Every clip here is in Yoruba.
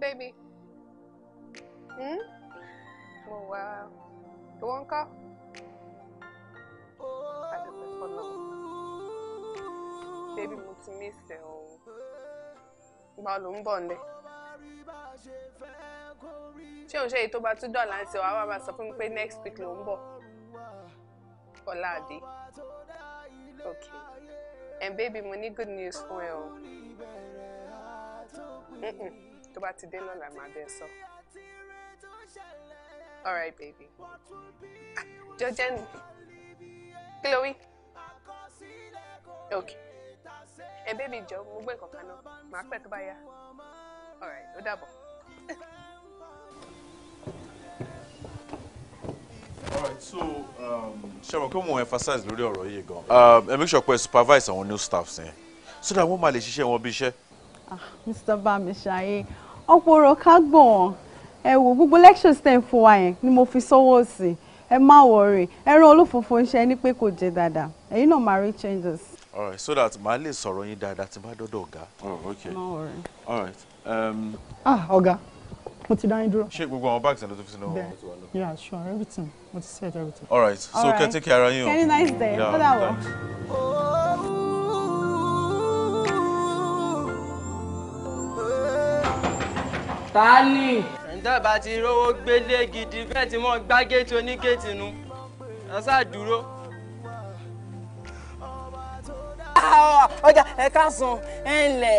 baby? Hmm? Mo wá. Ìwọ ń Baby mo ti miss ẹ o. Ìgbà ló ń bọ̀ ń lẹ̀. Ṣé òun ṣe èyí tó bá tún dọ̀la ń ṣe next week ló ń bọ̀? Ọlá Adé. Okay. And baby mo ní good news for you. o. Mm-mm tó bá ti dé lọ́la máa bẹ sọ. all right baby jọ jẹ́ nù kí ló wí ok ẹ bébí jọ mo gbé nǹkan kan náà màá pẹ́ tó bá yá all right ó dàbọ̀. Alright, so ṣẹ́wọ̀n kí wọ́n emphasize lórí ọ̀rọ̀ yìí gan ah. Um, make sure you supervise our new staffs yẹn so that wọ́n máa lè ṣiṣẹ́ wọn bí iṣẹ́. Ah, Mr. Bamisaye ọ̀pọ̀ ká gbọ̀n ẹ wò gbogbo lectures tẹ̀ fún wa yẹn ni mo fi sọ́wọ́ sí ẹ má wọ̀rì ẹran olófòfò ń ṣe ẹni pé kò jẹ dáadáa ẹ̀yin náà máa rí changes. all right so that màá lè sọ̀rọ̀ yín dáadáa tí bá dọ́dọ̀ ọ̀gá. oh okay all right. Um, ah ọ̀gá mo ti dá yín dúró. ṣé gbogbo àwọn bags ẹ̀ ló tó fi sínú ọ̀hún? yeah sure everything mo ti set everything. all right so kẹ́ take care ara yín o. kẹ́ni nice day ó dà wọ́. sátánì. ẹ̀ńtà bá ti rówó gbélé gidi bẹ́ẹ̀ tí wọ́n gbá géètì onígéètì nu ẹ ṣáà dúró. ọjà ẹ káàsán ẹ ǹlẹ́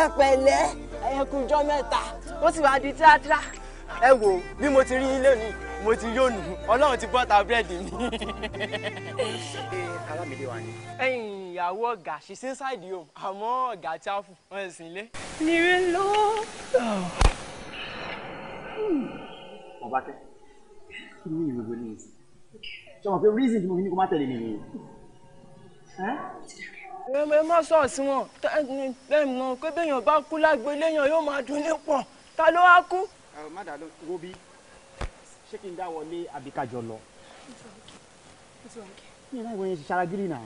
ẹ pẹ̀lẹ́ ẹ kújọ́ mẹ́ta ó sì wáá di tíátírà ẹ wò bí mo ti rí ilé ni mo ti rí ònù ọlọ́run ti bọ́ta búrẹ́dì mi. ṣé ìyàwó ọ̀gá she's inside home àmọ́ ọ̀gá tí a fún wọn ẹ̀ sí ilé. nírin ló bàbá kẹ́ kí ni ìwé wọlé yìí ṣe wọn pé reason tí mo fi ní kó má tẹ̀lé mi nìyí. ẹ má sọ sí wọn ẹ mọ pé béèyàn bá kú lágbo léèyàn yóò máa dún ní pọ̀ ta ló wá kú. má dàá ló wo bí ṣé kí n dá wọlé àbí ká jọ lọ. mi ò náà ìwé yẹn ti ṣaragírì náà.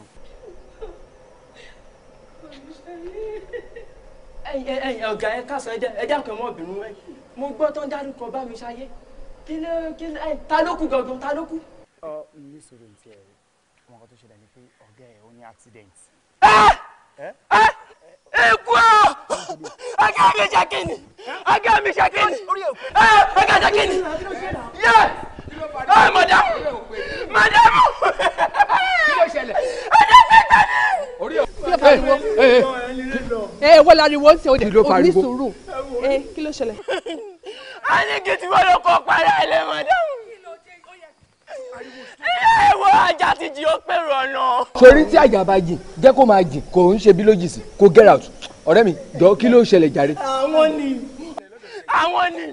ẹ̀yin ọ̀gá ẹ ká sọ ẹ jẹ́ ẹ jẹ́ àpẹ̀mọ́ obìnrin wẹ́ẹ́ mo gbọ́ tán dárúkọ bá mi ṣayé kí ló kí ló ta ló kú gangan ta ló kú. ọ ní sọ̀rọ̀ ìtì ẹ wọn kan tó ṣẹlẹ̀ ni pé ọ̀gá ẹ ó ní accident. ẹ ẹ eku ọ ọ̀gá mi ṣàkíni ọ̀gá mi ṣàkíni ẹ ọ̀gá ṣàkíni yẹ ẹ mọdàmú mọdàmú ọjọ́ sẹta ni. kí ló pariwo ẹ wọ́n lariwo ń ṣe òde òní sùúrù kí ló ṣẹlẹ̀ a ní kí tí wọ́n lọ kọ́ para ẹ̀ lẹ́mọ̀ dáhùn. ẹ wo ajá ti jí ó pèrò ọ̀nà. sori tí àjà bá jìn jẹ́ kó máa jìn kò ń ṣe bí lójì sí kó get out ọ̀rẹ́ mi jọ kí ló ṣẹlẹ̀ jàre. àwọn ni àwọn ni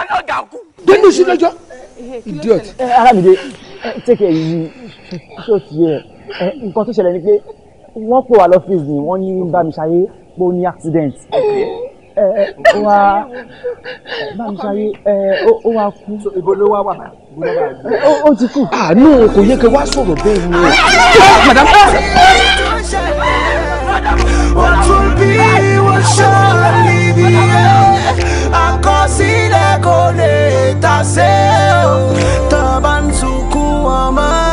ọlọ́gà kú. dénú sí lọ́jọ́ idiot. Eh, eh, arábìdé eh, take it easy ṣó ti yẹ nǹkan tó ṣẹlẹ̀ ni pé wọ́n pè wá lọ́fíìsì wọ́n ní bá mi ṣayé pé ó ní accident. Okay. Eh, eh, ó wá bámisáyé ó wá kú. ibo ló wá wà ó ti kú. àánú ah, kò yẹ kí wá sọ̀rọ̀ bẹ́ẹ̀ ni. madam. What will be will surely be àkọsílẹ̀ kò lè tàsé o tàbá ń sunkún ọmọ.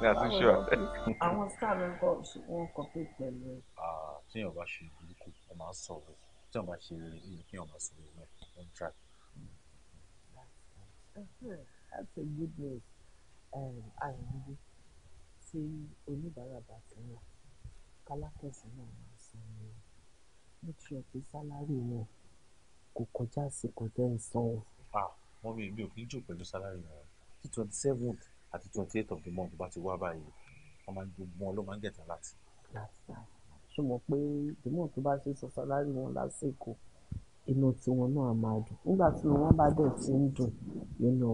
ní àtúnṣe ọ̀tẹ̀. àwọn sáà ló ń kọ́ wọn kọ́ pé pẹ̀lú ẹ̀. tíyàn bá ṣe burúkú wọn máa ń sọ̀rọ̀ tíyàn bá ṣe rere yìí kíyàn máa sọ̀rọ̀ ẹ̀ wọ́n ń tra. that's a good news àyànjú tí oníbàárà bá ti ń wà kálákẹ́sì náà máa san ní make sure pé sálárì náà kò kọjá àsìkò tẹ́ ẹ̀ sanwó. mọ́mí mi ò kí ń jò pẹ̀lú sálárì náà tí twenty àti twenty eight of the month bá ti wá báyìí wọ́n máa ń gbogbo wọn ló máa ń gẹ̀tà láti. ṣé mo pé ìdìmọ̀ tó bá ṣe sọ sálárì wọn lásìkò inú tiwọn náà máa dùn nígbà tí wọn bá dẹ̀ ti ń dùn nínú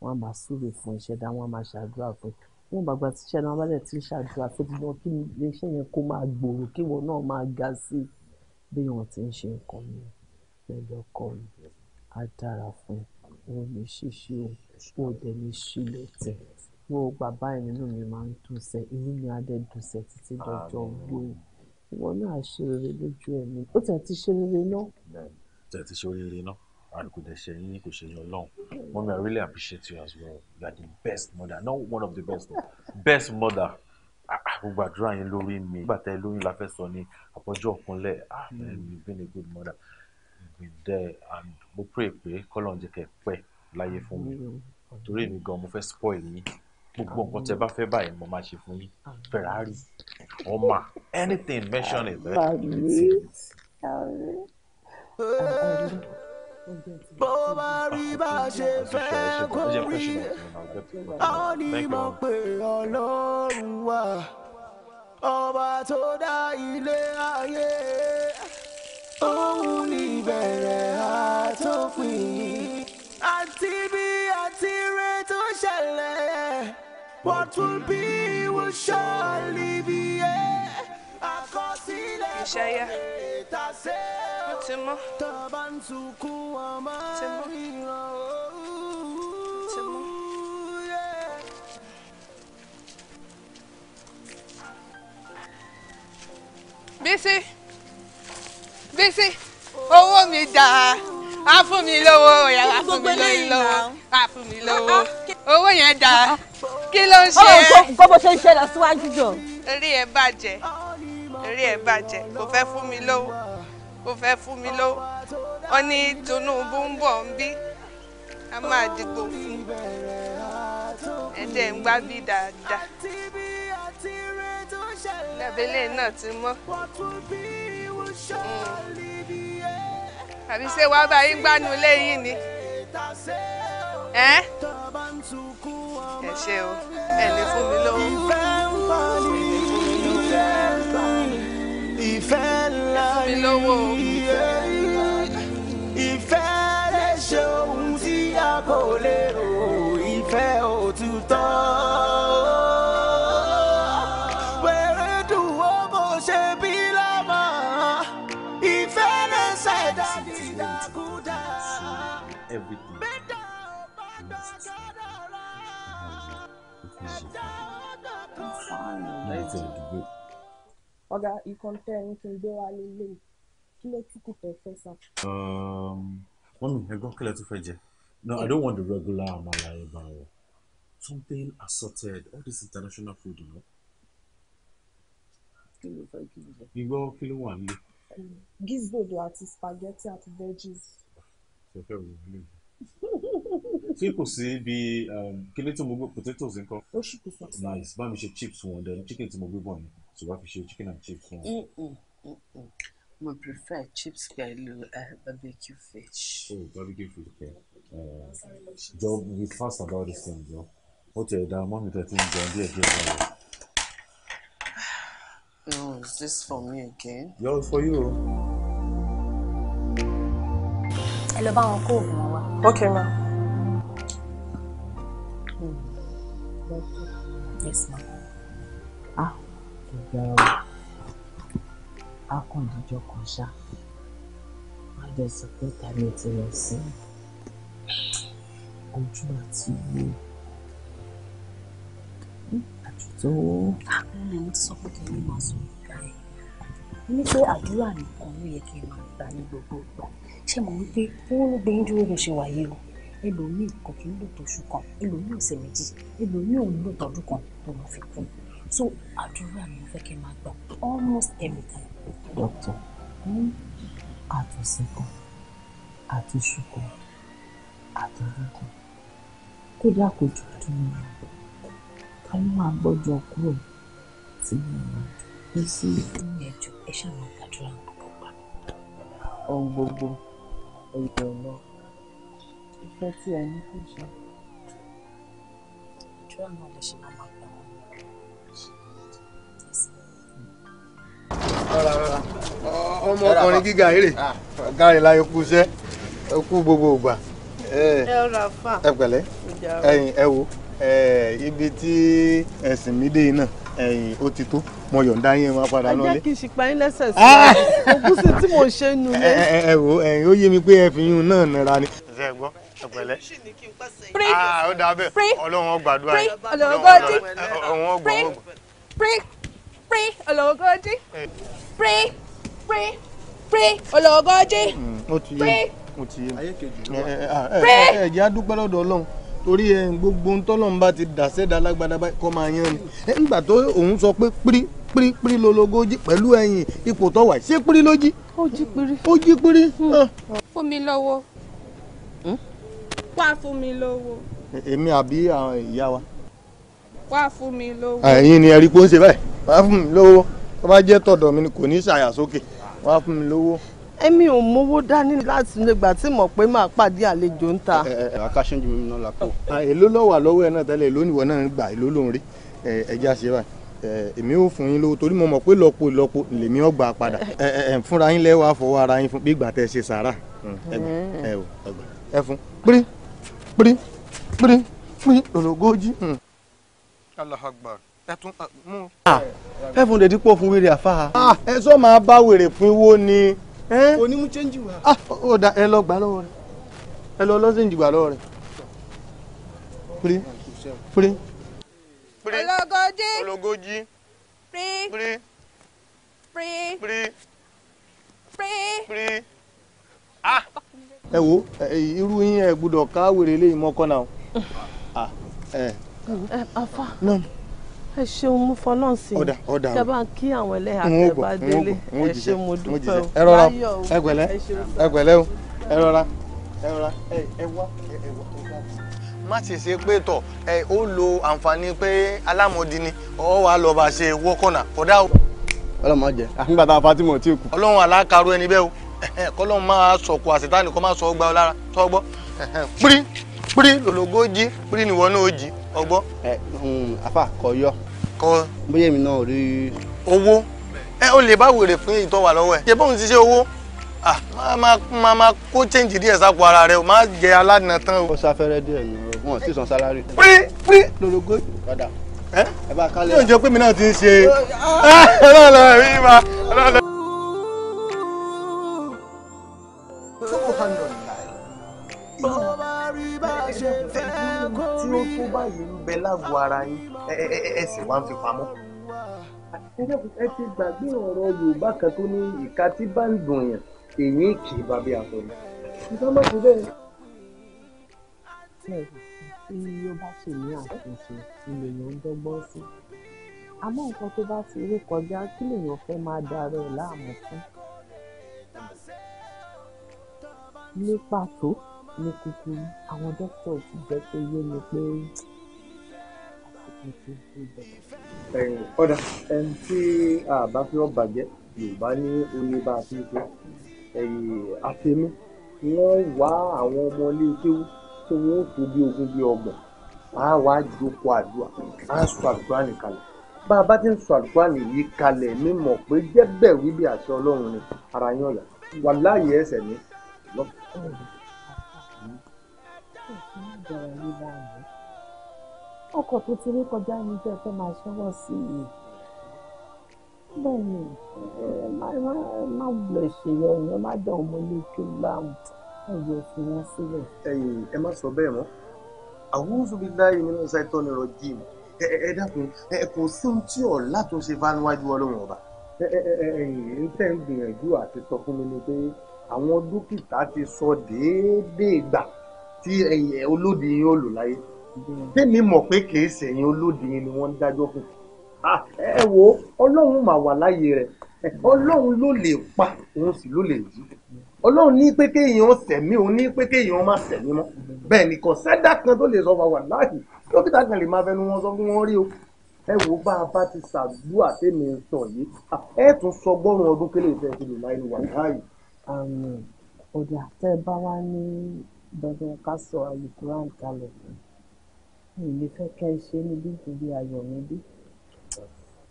wọn a máa súre fún iṣẹ́ dá wọn a máa ṣàdúrà fún wọn bàgbà tí iṣẹ́ náà bá dẹ̀ ti ń ṣàdúrà fún ti wọn kí iṣẹ́ yẹn kó máa gbòòrò kí wọn náà máa ga sí i bí wọn ti ń ṣe nǹkan mi pẹ̀lú ọkọ mi á dára fún un ní ṣíṣe o bó o dẹ̀ ní ṣílẹ̀ tẹ̀ gbogbo bàbá ẹ̀ nínú mi máa ń dùn sẹ́ inú mi á dẹ̀ dùn sẹ́ títí dọjọ́ gbóhùn ìwọ náà ṣe rere lójú ẹ̀mí ó tẹ̀ ti ṣe rere náà. tẹ̀ ti ṣe rere náà and kò dẹ̀ ṣe yín kò ṣe yín ọlọ́run mọ́mí I really appreciate you as well you are the best mother not one of the best best mother ah, ah, gbogbo àdúrà yín lórí mi nígbà tẹ́ lóyún la fẹ́ sọ ní àpọ́jọ́ ọ̀kúnlẹ̀ ah man hmm. you been a good mother you been there and mo pray pé kọ́lọ́n jẹ́ kẹ́ pẹ́ láyé fún mi torí èmi gan mo fẹ́ spoil yín gbogbo nǹkan tẹ bá fẹ́ báyìí mo máa ṣe fún yín Ferrari ọmọ anything mention it. bó bá rí bá ṣe fẹ́ kó rí àwọn onímọ̀ pé ọlọ́run wà ọba tó dá ilé ayé òun ní ìbẹ̀rẹ̀ àtòpin àti bí àti rẹ tó ṣẹlẹ̀ what will be will surely be àkọsílẹ̀ ìṣẹ̀yà ó ti mọ́ tọ́ba ń sunkún ọmọ ìran ooo. Bísí Bísí owó mi dáa á fún mi lówó yẹn á fún mi lórí lówó á fún mi lówó ah, ah, owó yẹn dà ah, kí ló ń ṣe é. Oh, kó bó ṣe ń ṣe lọ síwájú jọ. orí ẹ bàjẹ́ orí ẹ bàjẹ́ kò fẹ́ fún mi lówó kò fẹ́ fún mi lówó ó ní Tinubu ń bọ̀ ń bí a máa dìbò fún ẹ̀jẹ̀ ń gbá bí dáadáa dàbílẹ̀ náà ti mọ́ àbí ṣé wàá bá yín gbánú lẹ́yìn ni ẹ ṣe o ẹ lè fún mi lówó. ìfẹ́ ń bọ̀ ní ìfẹ́ ń bọ̀ ní ìfẹ́ ńlá ní ìfẹ́ ńlá ìfẹ́ lè ṣe ohun tí a kò lè. ọ̀gá ìkan tẹ́ ẹ̀rín kí n gbé wá nílé kí ló tún kù fẹ́ fẹ́ sá. wọ́n um, mi ẹ̀gbọ́n kílẹ̀ tó fẹ́ jẹ no i don't want the regular amala ìbáwọ̀ something assorted all this international food you know. kí ló fẹ́ kí ló fẹ́. ìgbọ́ kí ló wà nílé. gizbodo àti spaghetti àti veggies. ṣe fẹ́ wo ilé mi ṣé kò sí bí um, kílé tí mo gbé potatoes nǹkan. ó ṣì kò sọ. nice bá mi ṣe chips wọn then chicken tí mo gbé bọ̀ yẹn tí wọ́n fi chicken and chips fún wọn. Mm, mm, mm, mo prefer chips pẹ̀lú uh, barbecue fish. oh barbecue fish kẹ eh, jọ be fast about this thing jọ ó tiẹ̀ dá mọ́mí tẹ̀ tí ń jẹun díẹ̀ díẹ̀ báyìí. no is this for me again. yọ for you o. ẹ lọ bá wọn kó oògùn wọn wá. okay ma. Mm. Yes, ma'am ìgbà ò á kàn kan ṣá má dẹ̀ sọ pé tàbí ti lọ sí ojú àti ìwé àjùtò. àkùnrin sọ pé kí n máa sọ ìgbà yẹn ní pé àdúrà nìkan ló yẹ kí n máa gbà ní gbogbo ìgbà ṣé mo wí pé owó ló gbé dúró bó ṣe wà o ẹlòmíì kò kí ń lò tóṣù kan ẹlòmíì ọ̀sẹ̀ méjì ẹlòmíì òun lò tọdún kan tó lọ fi kún un so àdúrà ni mo fẹ́ kí n máa gbà almost every time. doctor àtọ̀sẹ̀kọ̀ hmm? àtọ̀sùkọ̀ àtọ̀rọ̀kọ̀ kódà kò jù ọdún mẹ́rin ká ló máa gbọ́jọ kúrò tí mo rà pé sí ìgbìyànjú ẹ ṣàmà gbàdúrà gbogbo pa. ohun gbogbo èdè ọ̀nà ìfẹ́ tí ẹ ní kò ṣe. àdúrà náà lè ṣe máa máa gbà wọ́n. ọmọ ọkùnrin gíga eré ah, ah. ọ̀gá rẹ̀ láyé kú iṣẹ́ kú gbogbo ògbà ẹ pẹ̀lẹ́ ẹ̀yin ẹ wo ibi tí ẹ̀sìn mi dé náà ẹ̀yin ó ti tó mo yọ̀ǹda yín máa padà lọ́lé. ẹ jẹ́ kí n ṣì pa yín lẹ́sẹ̀ sí i ah! ogún sí tí mò ń ṣe nu lé. ẹ ẹ wo ẹ̀yin ó yé mi pé ẹ fi yún náà nira ni. ṣe é gbọ́ ẹ pẹ̀lẹ́. ó dáa bẹ́ẹ̀ ọlọ́run ó gbàdúrà yìí ọlọ́run ó gbàdúrà yìí ọlọ́run ó gbàdúrà yìí. pray pray ọlọ́run ó gbàdúrà yìí pray pray pray ọlọ́gọ́jì mm, pray pray. ẹ jẹ́ a dúpẹ́ lọ́dọ̀ Ọlọ́run torí ẹ gbogbo ntọ́lọ́run bá ti dà sẹ́dá lágbádá kọ́ máa yan ni ẹ nígbà tó òun sọ pé pírí pírí pírí lológójì pẹ̀lú ẹ̀yìn ipò tó wà ṣé pírí ló jí. ó jí pírí. ó jí pírí. Hmm. Ah. fún mi lọ́wọ́ hmm? wá fún mi lọ́wọ́. èmi àbí ìyá wa. wá fún mi lọ́wọ́. ẹ̀yin ni ẹ rí i pé ó ń ṣe báyìí wá fún mi lọ́wọ́ tó bá jẹ́ tọ̀dọ̀ mi ni kò ní ṣàyà sókè wàá fún mi lówó. èmi ò mówó dání láti lè gbà tí mọ̀ pé máa pàdé àlejò ń ta. akáṣán ju mímu náà lápò. èló ló wà lọ́wọ́ ẹ náà tẹ́lẹ̀ èló nìwọ náà gbà èló ló ń rí ẹja ṣe báyìí èmi ò fún yín lówó torí mo mọ̀ pé lọ́pọ̀ lọ́pọ̀ lèmi ò gbà padà fúnra yín lẹ́wọ̀ àfọwọ́ ara yín fún bí ìgbà tẹ́ ṣe sàárà ẹ fún pírí pírí pírí pírí lọ́lọ́gọ́jì. Allahu Akbar. Ah, ah, five hundred pọ̀ fún wèrè àfa. Ah, ẹ sọ máa bá wèrè fún iwó ni. onímú chẹ́ǹjì wà. ó da ẹ lọ gbà lọ́wọ́ rẹ̀ ẹ lọ lọ́sìn ìjìgbà lọ́wọ́ rẹ̀. pírí pírí. ológójì ológójì. pírí pírí pírí pírí pírí. ẹ wo irú yín ẹ gbọ́dọ̀ ká wèrè lẹ́yìn mọ́kànnà o. àfa. náà. ẹ ṣeun fọlọ́n sí i kẹ bá ń kí àwọn ẹlẹ́yà tẹ bá délé ẹ dúpẹ́ o ẹ rọra ẹ gbẹ̀lẹ́ o lo àǹfààní pé alámọ̀dí ni ọ wàá lọ bá ṣe wọ́kọ̀nà o. ọlọ́mọ jẹ àfihàn tá a ti kù. ọlọ́run o kọ́lọ́run máa sọ̀kù àṣetánì máa sọ ọ́ pírí pírí pírí ọgbọ́. ẹ afa hmm, kọ yọ. kọ. bóyá èmi náà rí. owó ẹ o lè bá wèrè pín ìtọ́ wà lọ́wọ́ ẹ. ṣe bóun ti ṣe owó máa ah, máa kó chẹ́ǹjì díẹ̀ sápò ara rẹ o máa jẹ aládùn tán o. ó sáfẹ́rẹ́ díẹ̀ ni wọn sì san sálárì. pírí pírí lorogo padà. ẹ bá a kálẹ̀. yóò jẹ́ pé mi náà ti ń ṣe. ẹ ah, rí ma. tó báyìí ń bẹ lágọ̀ọ́ ara yín ẹ sì wá ń fi pamọ́. ẹ ti gbàgbé ọ̀rọ̀ Yorùbá kan tó ní ìka tí bá ń dùn yàn èyí kì í bàbí àtọ̀yìn. ìjọba má ti bẹ́ẹ̀. ṣé tí ó bá ṣe ní àtúnṣe ilé yẹn ń dọ́gbọ́n sí àmọ́ nǹkan tó bá ti rí kọjá kí lèèyàn fẹ́ máa darọ ẹ̀ láàmú fún ní pàtó ní kúkúrú àwọn dókítà ti jẹ́ kó yé mi pé àsìkò ti tó bẹ̀rẹ̀. ọ̀dà ẹni tí a bá fi ọ́ bàjẹ́ yorùbá ní oní bá a fi ń ṣe àtẹ̀mí wọ́n wá àwọn ọmọ ilé kéwú tí wọ́n ó tó bí ogún bí ọgbọ̀n á wá jókòó àdúrà á sọ àdúrà nìkalẹ̀ bá a bá ti ń sọ àdúrà nìyí kalẹ̀ mímọ̀ pé jẹ́bẹ̀ wí àṣẹ ọlọ́run ni ara yín ọ̀yà wà láàyè ẹsẹ̀ mi lọ́kùnrin bẹ̀rẹ̀ ní báyìí ọkọ̀ tó ti rí kọjá ní jẹ́ fẹ́ máa ṣẹ́wọ̀ sí i bẹ́ẹ̀ ni ẹ má wulẹ̀ ṣèyọnu ẹ má dán ọmọ ilé tó láwùn ẹ yẹ fi wọn sílẹ̀. ẹ̀yin ẹ má sọ bẹ́ẹ̀ mọ́ àwùjọ bíi láàyè nínú ṣáìtọ́ ni rọ jíìm ẹ dákun ẹ kò sí ohun tí ọ̀ látúnṣe bá níwájú ọlọ́run ọba. ẹ̀yin tẹ́ ń gbìyànjú àti sọ fún mi ni pé àwọn dókítà ti sọ déédéé gbà tí olóde yín ò lò láyé tèmi mọ̀ pé kìí sẹ̀yìn olóde yín ni wọ́n ń dájọ́ fún ah, ẹ wo ọlọ́run mà wà láyé rẹ̀ ọlọ́run ló lè pa òun sì ló lè jí ọlọ́run ní pé kéèyàn sẹ̀mí òun ní pé kéèyàn má sẹ̀mí mọ́ bẹ́ẹ̀ ni kò sẹ́dá kan tó lè sọ fún wa láàyè dókítà kan lè máa fẹnu wọn sọ fún wọn rí o ẹ wo bá a bá ti ṣàdúrà tèmi ń sọ yìí ah, ẹ tún sọ gbọ́rùn ọdún kélé ìfẹ́ ti lè máa ń wà láàyè. àmì ọ̀dà tẹ́ bá wá ní dandan ká sọ alukuran kalẹ̀ èmi fẹ́ kẹ́ ẹ ṣe níbí nítorí ayọ̀ mi bí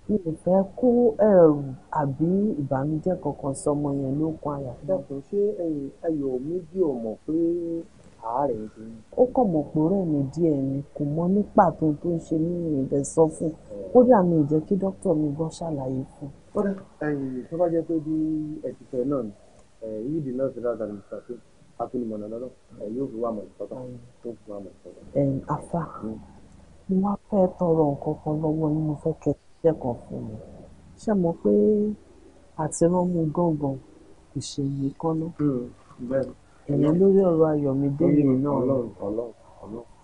mi ò fẹ́ kó ẹ̀rù àbí ìbànújẹ́ kankan sọmọ yẹn ló kan àyà. dàpọ̀ ṣé ayọ̀ méjì ò mọ̀ pé àárẹ̀ ti ní. ó kàn mọ̀ pé ọ̀rẹ́ mi díẹ̀ ni kò mọ ní pàtó tó ń ṣe mí rìn bẹ́ẹ̀ sọ fún kódà mi ì jẹ́ kí dókítà mi gbọ́ ṣàlàyé fún. kódà tó bá jẹ́ pé bí ẹ̀tìfẹ́ náà ni yídì náà ti rà dànù ṣàtúntò afinimọ̀nà lọ́nà ẹ̀ yóò fi wá mọ̀ ìtọ́ta tó fi wá mọ̀ ìtọ́ta. àfà hmm. mo wá fẹ́ tọrọ nǹkan kan lọ́wọ́ yín mo fẹ́ kẹ́ ṣiṣẹ́ kan fún mi ṣé mo pé àti rọ́mú gángan kò ṣe yí kọ́nà hmm, ẹ̀yìn lórí ọ̀rọ̀ ayọ̀mídé yìí náà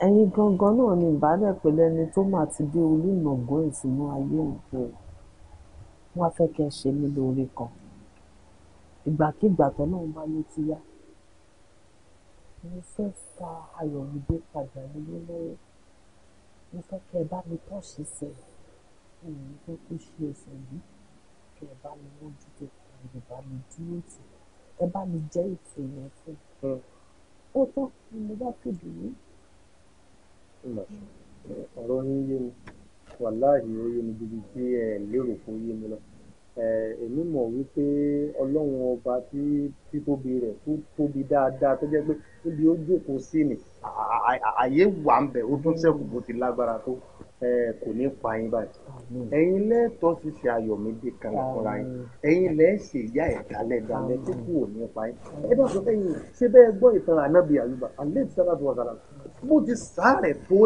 ẹ̀yin gangan náà ni ìbálẹ̀ pẹ̀lú ẹni tó mà ti dé olùnàgún ìsinú ayé òun wọ́n á fẹ́ kẹ́ ṣe mí lóore kan ìgbàkigbà tó náà bá ló ti yá mo fẹ́ fa Ayọ̀mídé padà lé mo fẹ́ kẹ́ ẹ bá mi tọ́ọ̀ṣì sí i mi ò fẹ́ kó ṣe ẹsẹ̀ yìí kẹ́ ẹ bá mi mójútó kẹ́ ẹ bá mi dúró tì ẹ bá mi jẹ́ ètò yẹn fún un hmm. ó tán ni mo bá kéde yìí. Hmm. ọ̀rọ̀ yín yé mi wàláhì ó yé mi gidi tí ẹ lérò fún yé mi lọ. Eh, èmi mọ̀ wípé ọlọ́run ọba tí títóbi rẹ̀ tó tóbi dáadáa tó jẹ́ pé níbi ó jókòó sí ni àyè wà ń bẹ̀ ó tún ṣẹ́kù bó ti lágbára tó eh, kò ní pa yín báyìí ẹ̀yin lẹ́ẹ̀tọ́ sì ṣe ayọ̀mídé kan fúnra yín ẹ̀yin lẹ́ẹ̀ṣẹ̀ ìyá ẹ̀ dalẹ̀dalẹ̀ tí kò ní pa yín ẹ bá sọ fẹ́yìn ṣé bẹ́ẹ̀ gbọ́ ìtàn ànábì àyùbá àlẹ́ ìtàn àti wàsàlà bó ti sáré tó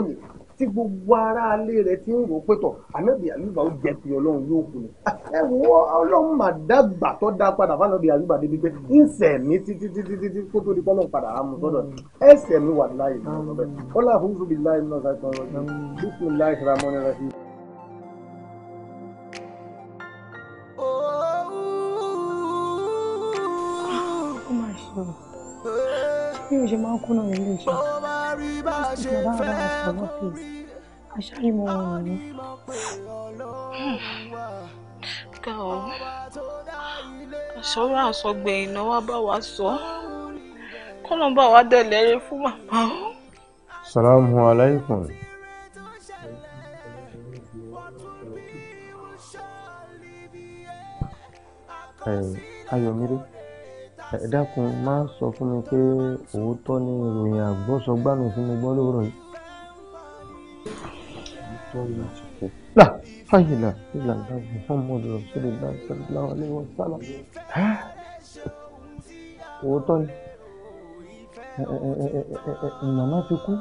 tí gbogbo ará alé rẹ̀ ti ń rò ó pé tọ̀ ànábì àyùbá ó jẹ ti ọlọ́run yóò kú ni. ẹ wo ọlọ́run mà dàgbà tó dá padà fànàbì àyùbá débi pé ń sẹ̀mí títí títí títí kó tó di pọ́nlọ́n padà á sọ́dọ̀ ẹ sẹ̀mí wà láàyè lọ́bẹ̀ ọlá àfúrúfú bíi láàyè lọ́sà kan rọ̀ bísí láì ra mọ́ni rẹ̀ sí. ó máa bí mo ṣe máa ń kú náà bá a ṣe fẹ́ bá wa sọ kọlọ bá wa dẹlẹ rẹ fún màmá o. salamu alaykum. ayọ̀mídé ẹ dákun má sọ fún mi pé òótọ́ ni ìròyìn àgbọ́sọgbànú tí mo gbọ́ lóòrọ̀ yìí. là fàyìlà ìlà ìdàgbò muhammadu rasulillah sallallahu alayhi wa sallam òótọ́ ni màmá ti kú.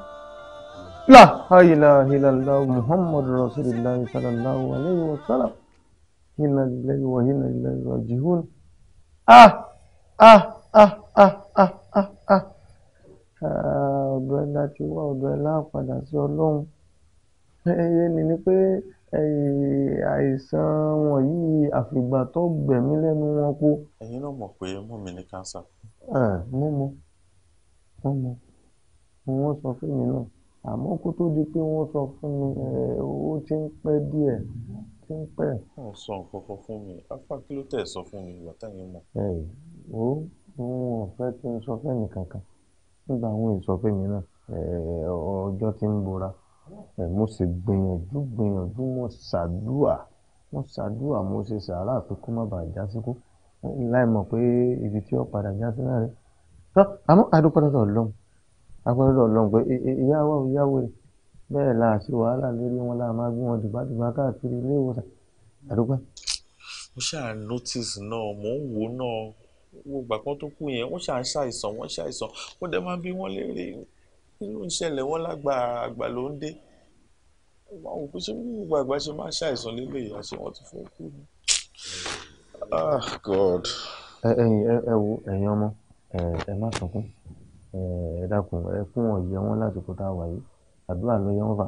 là fàyìlà ìlà ìdàgbò muhammadu rasulillah sallallahu alayhi wa sallam hinna lillahi wa hinna ilayhi raji'un. ah ah ah ah ah ah ah, ah ọ̀dọ̀ ẹ la ti wá ọ̀dọ̀ ẹ la ó padà sí ọlọ́run ẹyẹ ni ni pé àìsàn wọn àfìgbà tó gbẹ̀mí lẹ́nu wọn kú. ẹ̀yin náà mọ̀ pé mú mi ní kánsà. mú mu mú mu ni wọ́n sọ fún mi náà àmọ́ kó tó di pé wọ́n sọ fún mi ó ti ń pẹ́ díẹ̀ ti ń pẹ́. wọ́n sọ nǹkan kan fún mi afá kí ló tẹ̀ sọ fún mi ìgbà táyé mọ̀ wò ó n ò fẹ́ kí n sọ fẹ́nì kankan nígbà àwọn èso fẹ́mi náà ọjọ́ tí ń bora mo sì gbìyànjú gbìyànjú mo ṣàdúà mo ṣàdúà mo ṣe sàárà pé kó má bàa já síkú láì mọ̀ pé ibi tí ó padà já sí náà rẹ̀ tọ́ àmọ́ adúpẹ́ lọ́dọ̀ ọlọ́run adúpẹ́ pé ìyáwó ìyáwó bẹ́ẹ̀ la ṣe wàhálà lórí wọn la máa gbé wọn dìgbàdìgbà káàkiri ilé ìwòsàn adúpẹ́. mo ṣáà notice náà mò ń wò náà wo ìgbà kan tó kú yẹn wọ́n ṣàǹṣà àìsàn wọ́n ṣàìsàn wọ́n dẹ̀ máa bí wọ́n léèrè kí ló ń ṣẹlẹ̀ wọ́n lágbà àgbà ló ń dé wọ́n wò pé ṣé gbogbo àgbà ṣe máa ṣàìsàn nílé ìyá ṣe wọ́n ti fẹ́ kú ni. ah god. ẹ̀yin ẹ wo ẹ̀yin ọmọ ẹ má sunkún ẹ dákun ẹ kún wọn yẹ wọn láti kó tá a wà yìí àdúrà ló yẹ wọn fà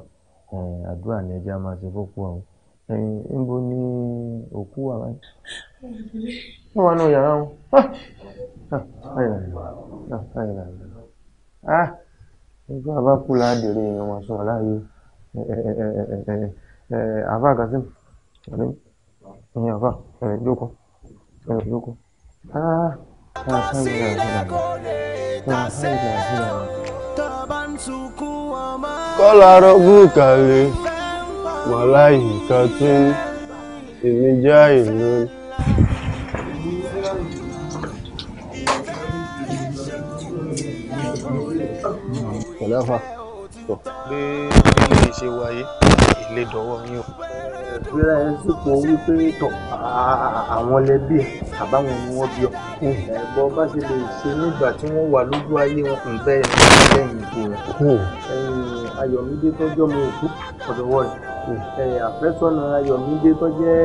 àdúrà ni ẹjẹ máa ṣe fọ́pù àwọn ẹ̀yin níbo ni òkú wà báyìí. wọ́n wà nù Ah, ah, ah, ah, nígbà bá kú ládèrè èèyàn wọn sọ láàyè ah, ah, àbí ìyẹn àbá ẹ̀rẹ̀ jókòó ẹ̀rẹ̀ jókòó. kọ́lá rọ́gùn kàlẹ́ wàhálà yìí kan tún ìníjà ìlú. pẹ̀lú àfà tọ̀ pé ilé ṣe wáyé ilé dọ̀wọ́ yín o. ìrora ẹ sípò wípé tọ̀ àwọn lẹbí ẹ àbáwọn ni wọ́n bí ọ. ẹ̀bọ bá ṣe lè ṣe nígbà tí wọ́n wà lójú ayé wọn kò bẹ́ẹ̀ ní lẹ́yìn ìbò wọn. ayọ̀mídé tọ́jọ́ mi òkú ọ̀dọ̀wọ́ rẹ̀ àfẹ́sọ́nà ayọ̀mídé tọ́jẹ́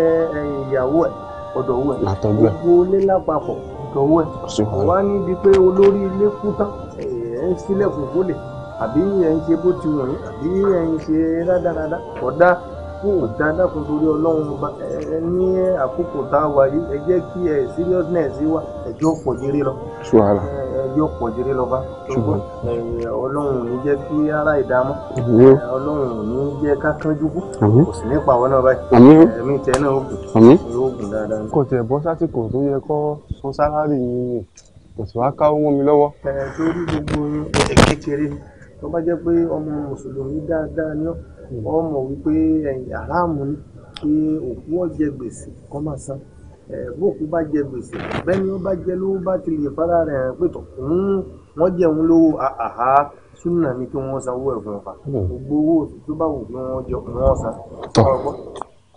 ìyàwó ẹ̀ ọ̀dọ̀wọ́ ẹ̀ gbogbo ilé lápapọ̀ ọ̀dọ̀wọ́ ẹ̀ wá níbi pé olórí ilé kú tán ẹ̀ ń sílẹ̀kùn gbólẹ̀ àbí ẹ ń ṣe bó ti wù yín àbí ẹ ń ṣe rádaràdá kódà fún ọ̀dà dákun torí ọlọ́run ọba ẹ ní àkókò tá a wà yìí ẹ jẹ́ kí ẹ seriousness wá ẹjọ́ pọ̀ jèrè lọ ẹjọ́ pọ̀ jèrè lọ bá ọlọ́run ò ní jẹ́ kí ara ìdààmú ọlọ́run ò ní jẹ́ ká kánjú kú kò sì nípa àwọn náà báyìí ẹ̀mí tẹ náà oògùn oògùn dáadáa. kò tẹ̀ bọ́ sásìkò tó yẹ kó san sálárì yìí kò sì wá káwọ́ mọ́ mi lọ́wọ́. ẹ torí gbogbo ẹ kékeré tó bá jẹ́ pé ọmọ mùsùlùmí dáadáa ni ọ́ hmm. ọ mọ̀ wípé àràmù ni kí òkú ọ̀jẹ̀ gbèsè kọ́ máa san bóòkú bá jẹ gbèsè bẹ́ẹ̀ni ó bá jẹ lówó bá ti lè fara rẹ̀ hàn pé tọ̀ wọ́n jẹun lówó àhá súnà ni kí wọ́n sanwó ẹ̀ fún ọ̀fà hmm. gbogbo owó tó bá wù kí wọ́n jẹ wọ́n san. tọ́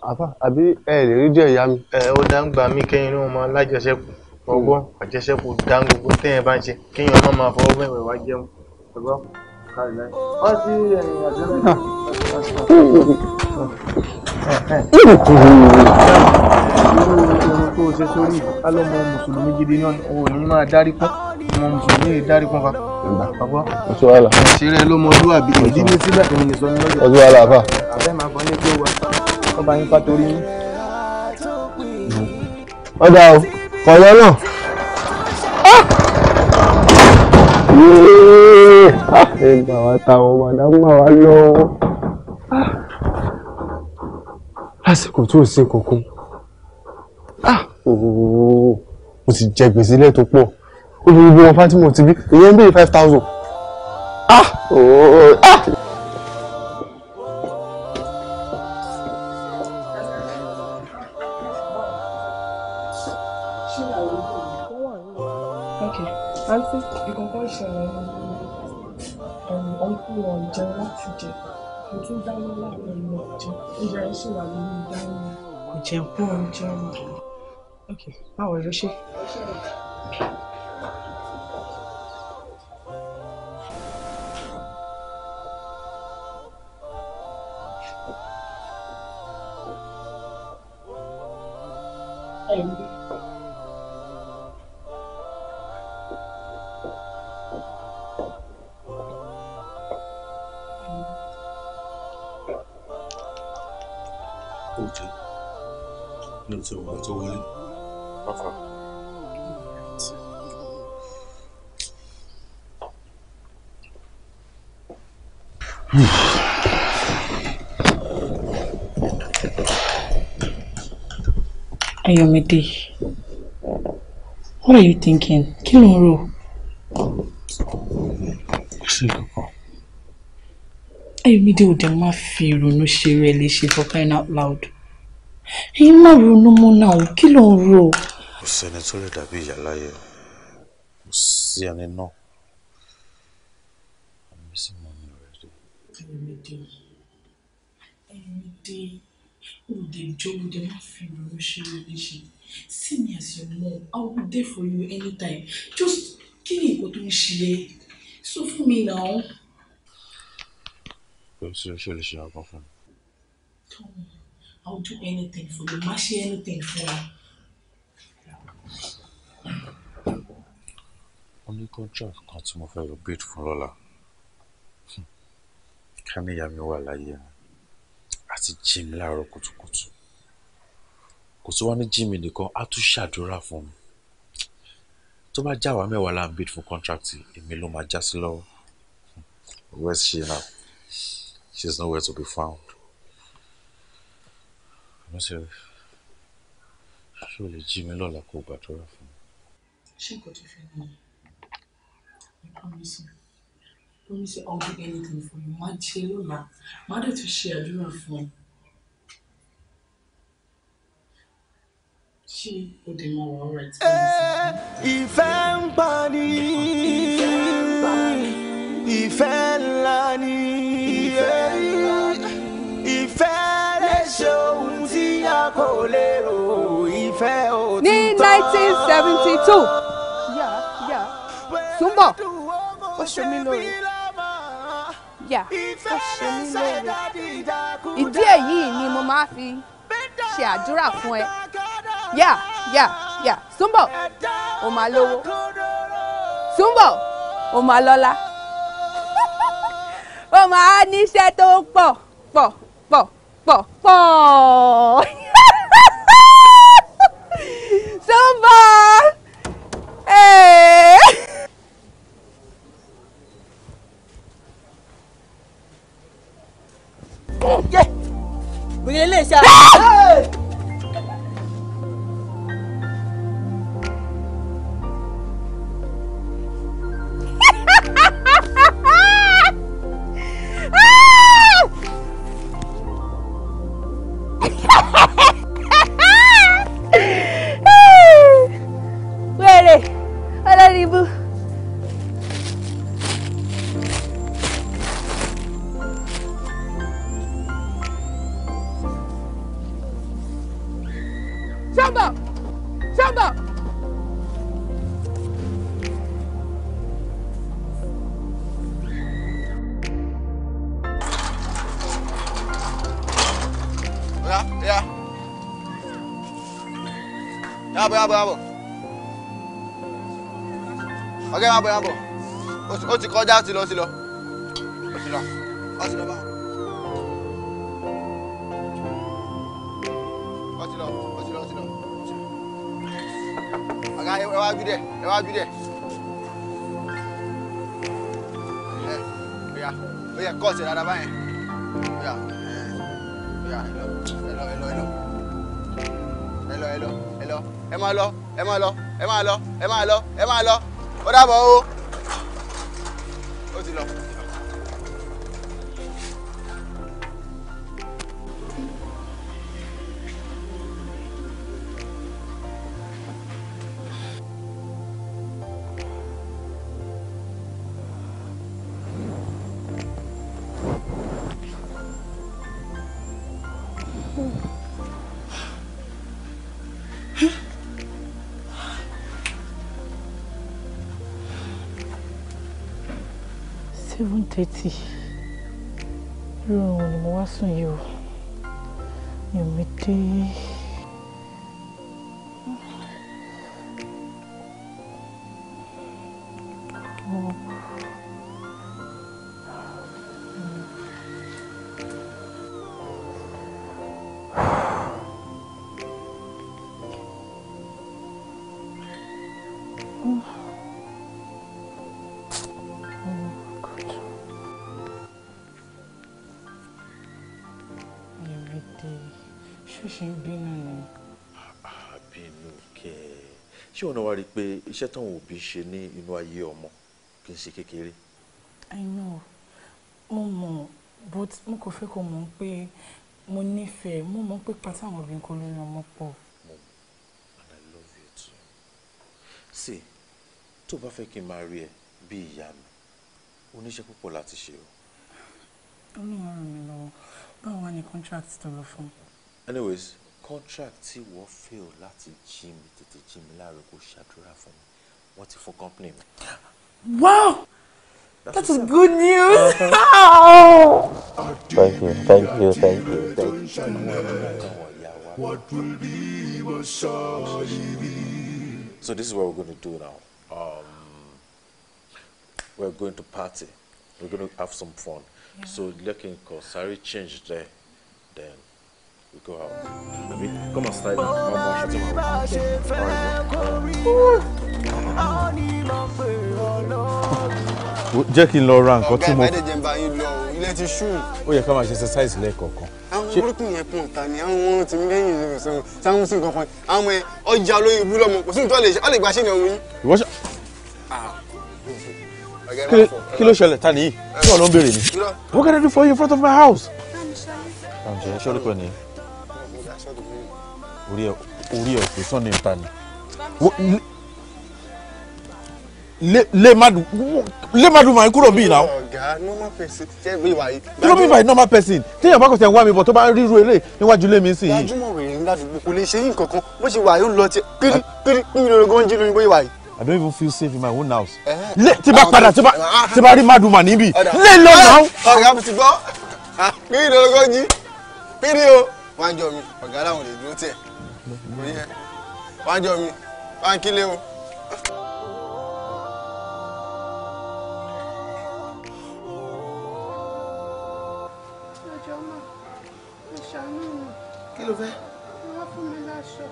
àbá àbí ẹ lè rí díẹ̀ ìyá mi. ẹ ó dá mí kẹ́yìn ní wọn máa lájọṣẹ́kù ọgbọ́n hmm. àjọṣẹ́kù dá bá ń ṣe kéèyàn má máa fọwọ́ mẹ́wẹ̀ẹ́ wá jẹun tó ṣe sórí alọ́mọ mùsùlùmí gidi náà òun ní máa dárí kún ọmọ mùsùlùmí yìí dárí kún fa. Àgbọ̀ ṣeré ló mọ olúwàbí ìdí ní sílẹ̀ tó ní sọ ní lọ́jọ́. Ọjọ́ àlàáfà. Àbẹ́ máa bọ́ ní pé wa ọba yín pátó rí yín. Ọjà o, kọ̀ọ̀yọ́ náà. ẹ gbà wá táwọn màdámù àwa lọ ah! lásìkò tó sí kankan ah! mo ti jẹ gbèsè ilé tó pọ̀ olùdókòwò wọn Fatima ti bí ìyẹn ń five thousand. Ah! Oh. mo tún dáná láàárọ̀ ìmọ̀ ọ̀jẹ̀ oúnjẹ rẹ̀ sì wà lórí ìdáná kò jẹun kó oúnjẹ ọmọ. ok báwo ló ṣe. Ayọ̀mídé, what are you thinking? Kí ló ń rò? Kò sí kankan. Ayọ̀mídé ò dẹ̀ máa fi ìrònú ṣe rẹ̀ léṣe for crying out loud. Ẹyin má no more now. o, kí ló ń rò? Kò sẹ́ni tó lè dàbí ìyá láyé o, who dey joe who dey not feel rushy rushy see me as your mom i will dey for you anytime just kí ni nǹkan tó ń ṣe é sọ fún mi náà. kò sí ṣe lè ṣe àgbọn fún mi. come i will do anything for you má ṣe anything for you. wọ́n ní contract kan tí mo fẹ́ lọ bid fún lọ́la hm. ká níyàá mi wà láyé ni àti Jim. mi láàárọ̀ kùtùkùtù kò tún wá ní Jim mi nìkan á tún ṣàdúrà fún mi tó bá já wa mẹ́wàá la ń bid fún contract èmi ló máa já sí lọ́wọ́ where's she now she's nowhere to be found mo ṣe ṣó lè jí mi lọ́la kó gbàdúrà fún mi. ṣé kò tó fẹ́ nìyẹn i promise you ó ní sẹ́ I'll do anything for you máa jẹ lọ́la máa dẹ̀ tún ṣe àdúrà fún ẹ. ṣé o dè mọ wàá rẹ̀ tí mo ń sọ. Eh, ìfẹ́ ń ṣe ohun lóore yà ó ṣe mí lóore ìdí èyí ni mo máa fi ṣe àdúrà fún ẹ yà yà yà túnbọ̀ ó máa lówó túnbọ̀ ó máa lọ́lá ó máa níṣẹ́ tó pọ̀ pọ̀ pọ̀ pọ̀ pọ̀. yàbọ̀ yàbọ̀ ọ̀gá yàbọ̀ yàbọ̀ ó ti kọjá ó ti lọ ó ti lọ ó ti lọ ó ti lọ báwọn. ó ti lọ ó ti lọ ó ti lọ ọ̀gá ẹ wá bí dẹ̀ ẹ wá bí dẹ̀. ó rárá báyẹn. máa lọ ẹ máa lọ ẹ máa lọ ẹ máa lọ ẹ máa lọ ó dàbọ̀ o. fetí irú òun ni mo wá sùn yìí o mi ò mí dé. ṣe ń bínú ni. àbínú ah, kẹ ṣé òun náà rí i pé iṣẹ́ táwọn òbí ṣe ní inú ayé ọmọ kì í ṣe kékeré. I know mo mọ̀ but mo kò fẹ́ kó mọ̀ pé mo nífẹ̀ẹ́ mo mọ̀ pé pátá àwọn òbí ń lórí ọmọ pọ̀. mo and I love you too. ṣe tó bá fẹ́ kí n máa rí ẹ bí ìyá mi oníṣẹ́ púpọ̀ láti ṣe o. olùwàrùn mi lọ báwo wá ní contract tó lọ fún un anyways contract tí wọ́n fail láti jí mi tètè jí mi láàárọ̀ kó ṣàdúrà fún mi wọ́n ti fún company mi. wow that is good news. Uh-huh. thank you thank you thank you thank you. so this is what we're to do now. Um, we're going to party. We're going to have some fun. Yeah. So looking, cause sorry, change there, then we go out. Baby, come and style me. I'll wash it oh, jẹ́ kí n lọ ra nǹkan tí mo. ọ̀gá ìbàdàn jẹ̀mbá yín lọ ilé ti ṣú. ó yẹ ká máa ṣe exercise lẹ́ẹ̀kọ̀ọ̀kan. àwọn burúkú yẹn kún ọ̀tá ni àwọn ohun tí ń lẹ́yìn ìlú sọ̀rọ̀ táwọn sì kankan àwọn ọjà olóyìn ìbú lọ́mọ kò sí nítorí ọ lè gba ṣé yín. ìwọ ṣe. Ah. kí ló ṣẹlẹ̀ ta nìyí? kí wọ́n ló ń béèrè ni. What can I do for you in front of my house? orí ẹ orí ẹ pé sunday ta ni lemadu lemadu maa n kúrò bíi náà. kúrò bíi wàá normal person téèyàn bá kò tẹ̀ wá mi bọ̀ tó bá ríru eré níwájú lé mi ń sìn yìí. gbajúmọ̀ wèrè ńlá kò lè ṣe yín kankan bó ṣe wà yóò lọ tí kiri kiri kiri lórí gan jí lórí bó I don't even feel safe in my own house. Eh? lé tí bá ah, padà tí bá ah, ah. rí maduma níbí lé lọ náà. ọ̀gá mi ti gbọ́ kiri lórí gan jí kiri o wájú mi ọ̀gá làwọn lè dúró tẹ̀ kò yẹ wájọ mi báńkílé o. kí ló fẹ́. wọ́n fún mi láṣọ.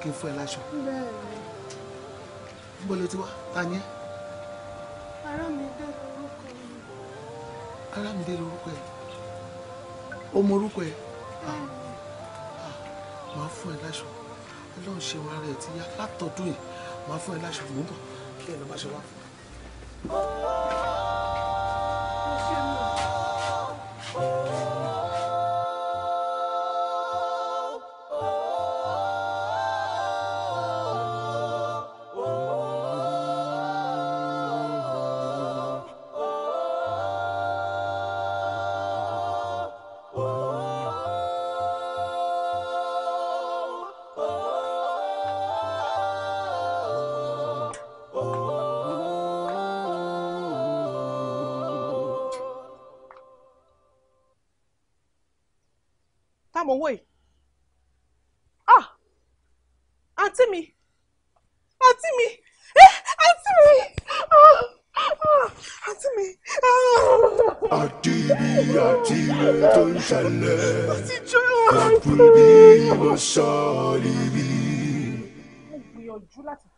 kí n fún ẹ láṣọ. bẹ́ẹ̀ ni. níbo ló ti wá ta ni ẹ. Àràmídé lorúkọ mi. Àràmídé lorúkọ ẹ. o mọ orúkọ ẹ. bẹ́ẹ̀ ni máa fún ẹ láṣọ ọlọ́run ṣe wọn ara ẹ̀ ti yá látọ̀dún yìí máa fún ẹ láṣọ mọ́ bọ̀ kí ẹ lọ́ máa ṣe wá fún ẹ.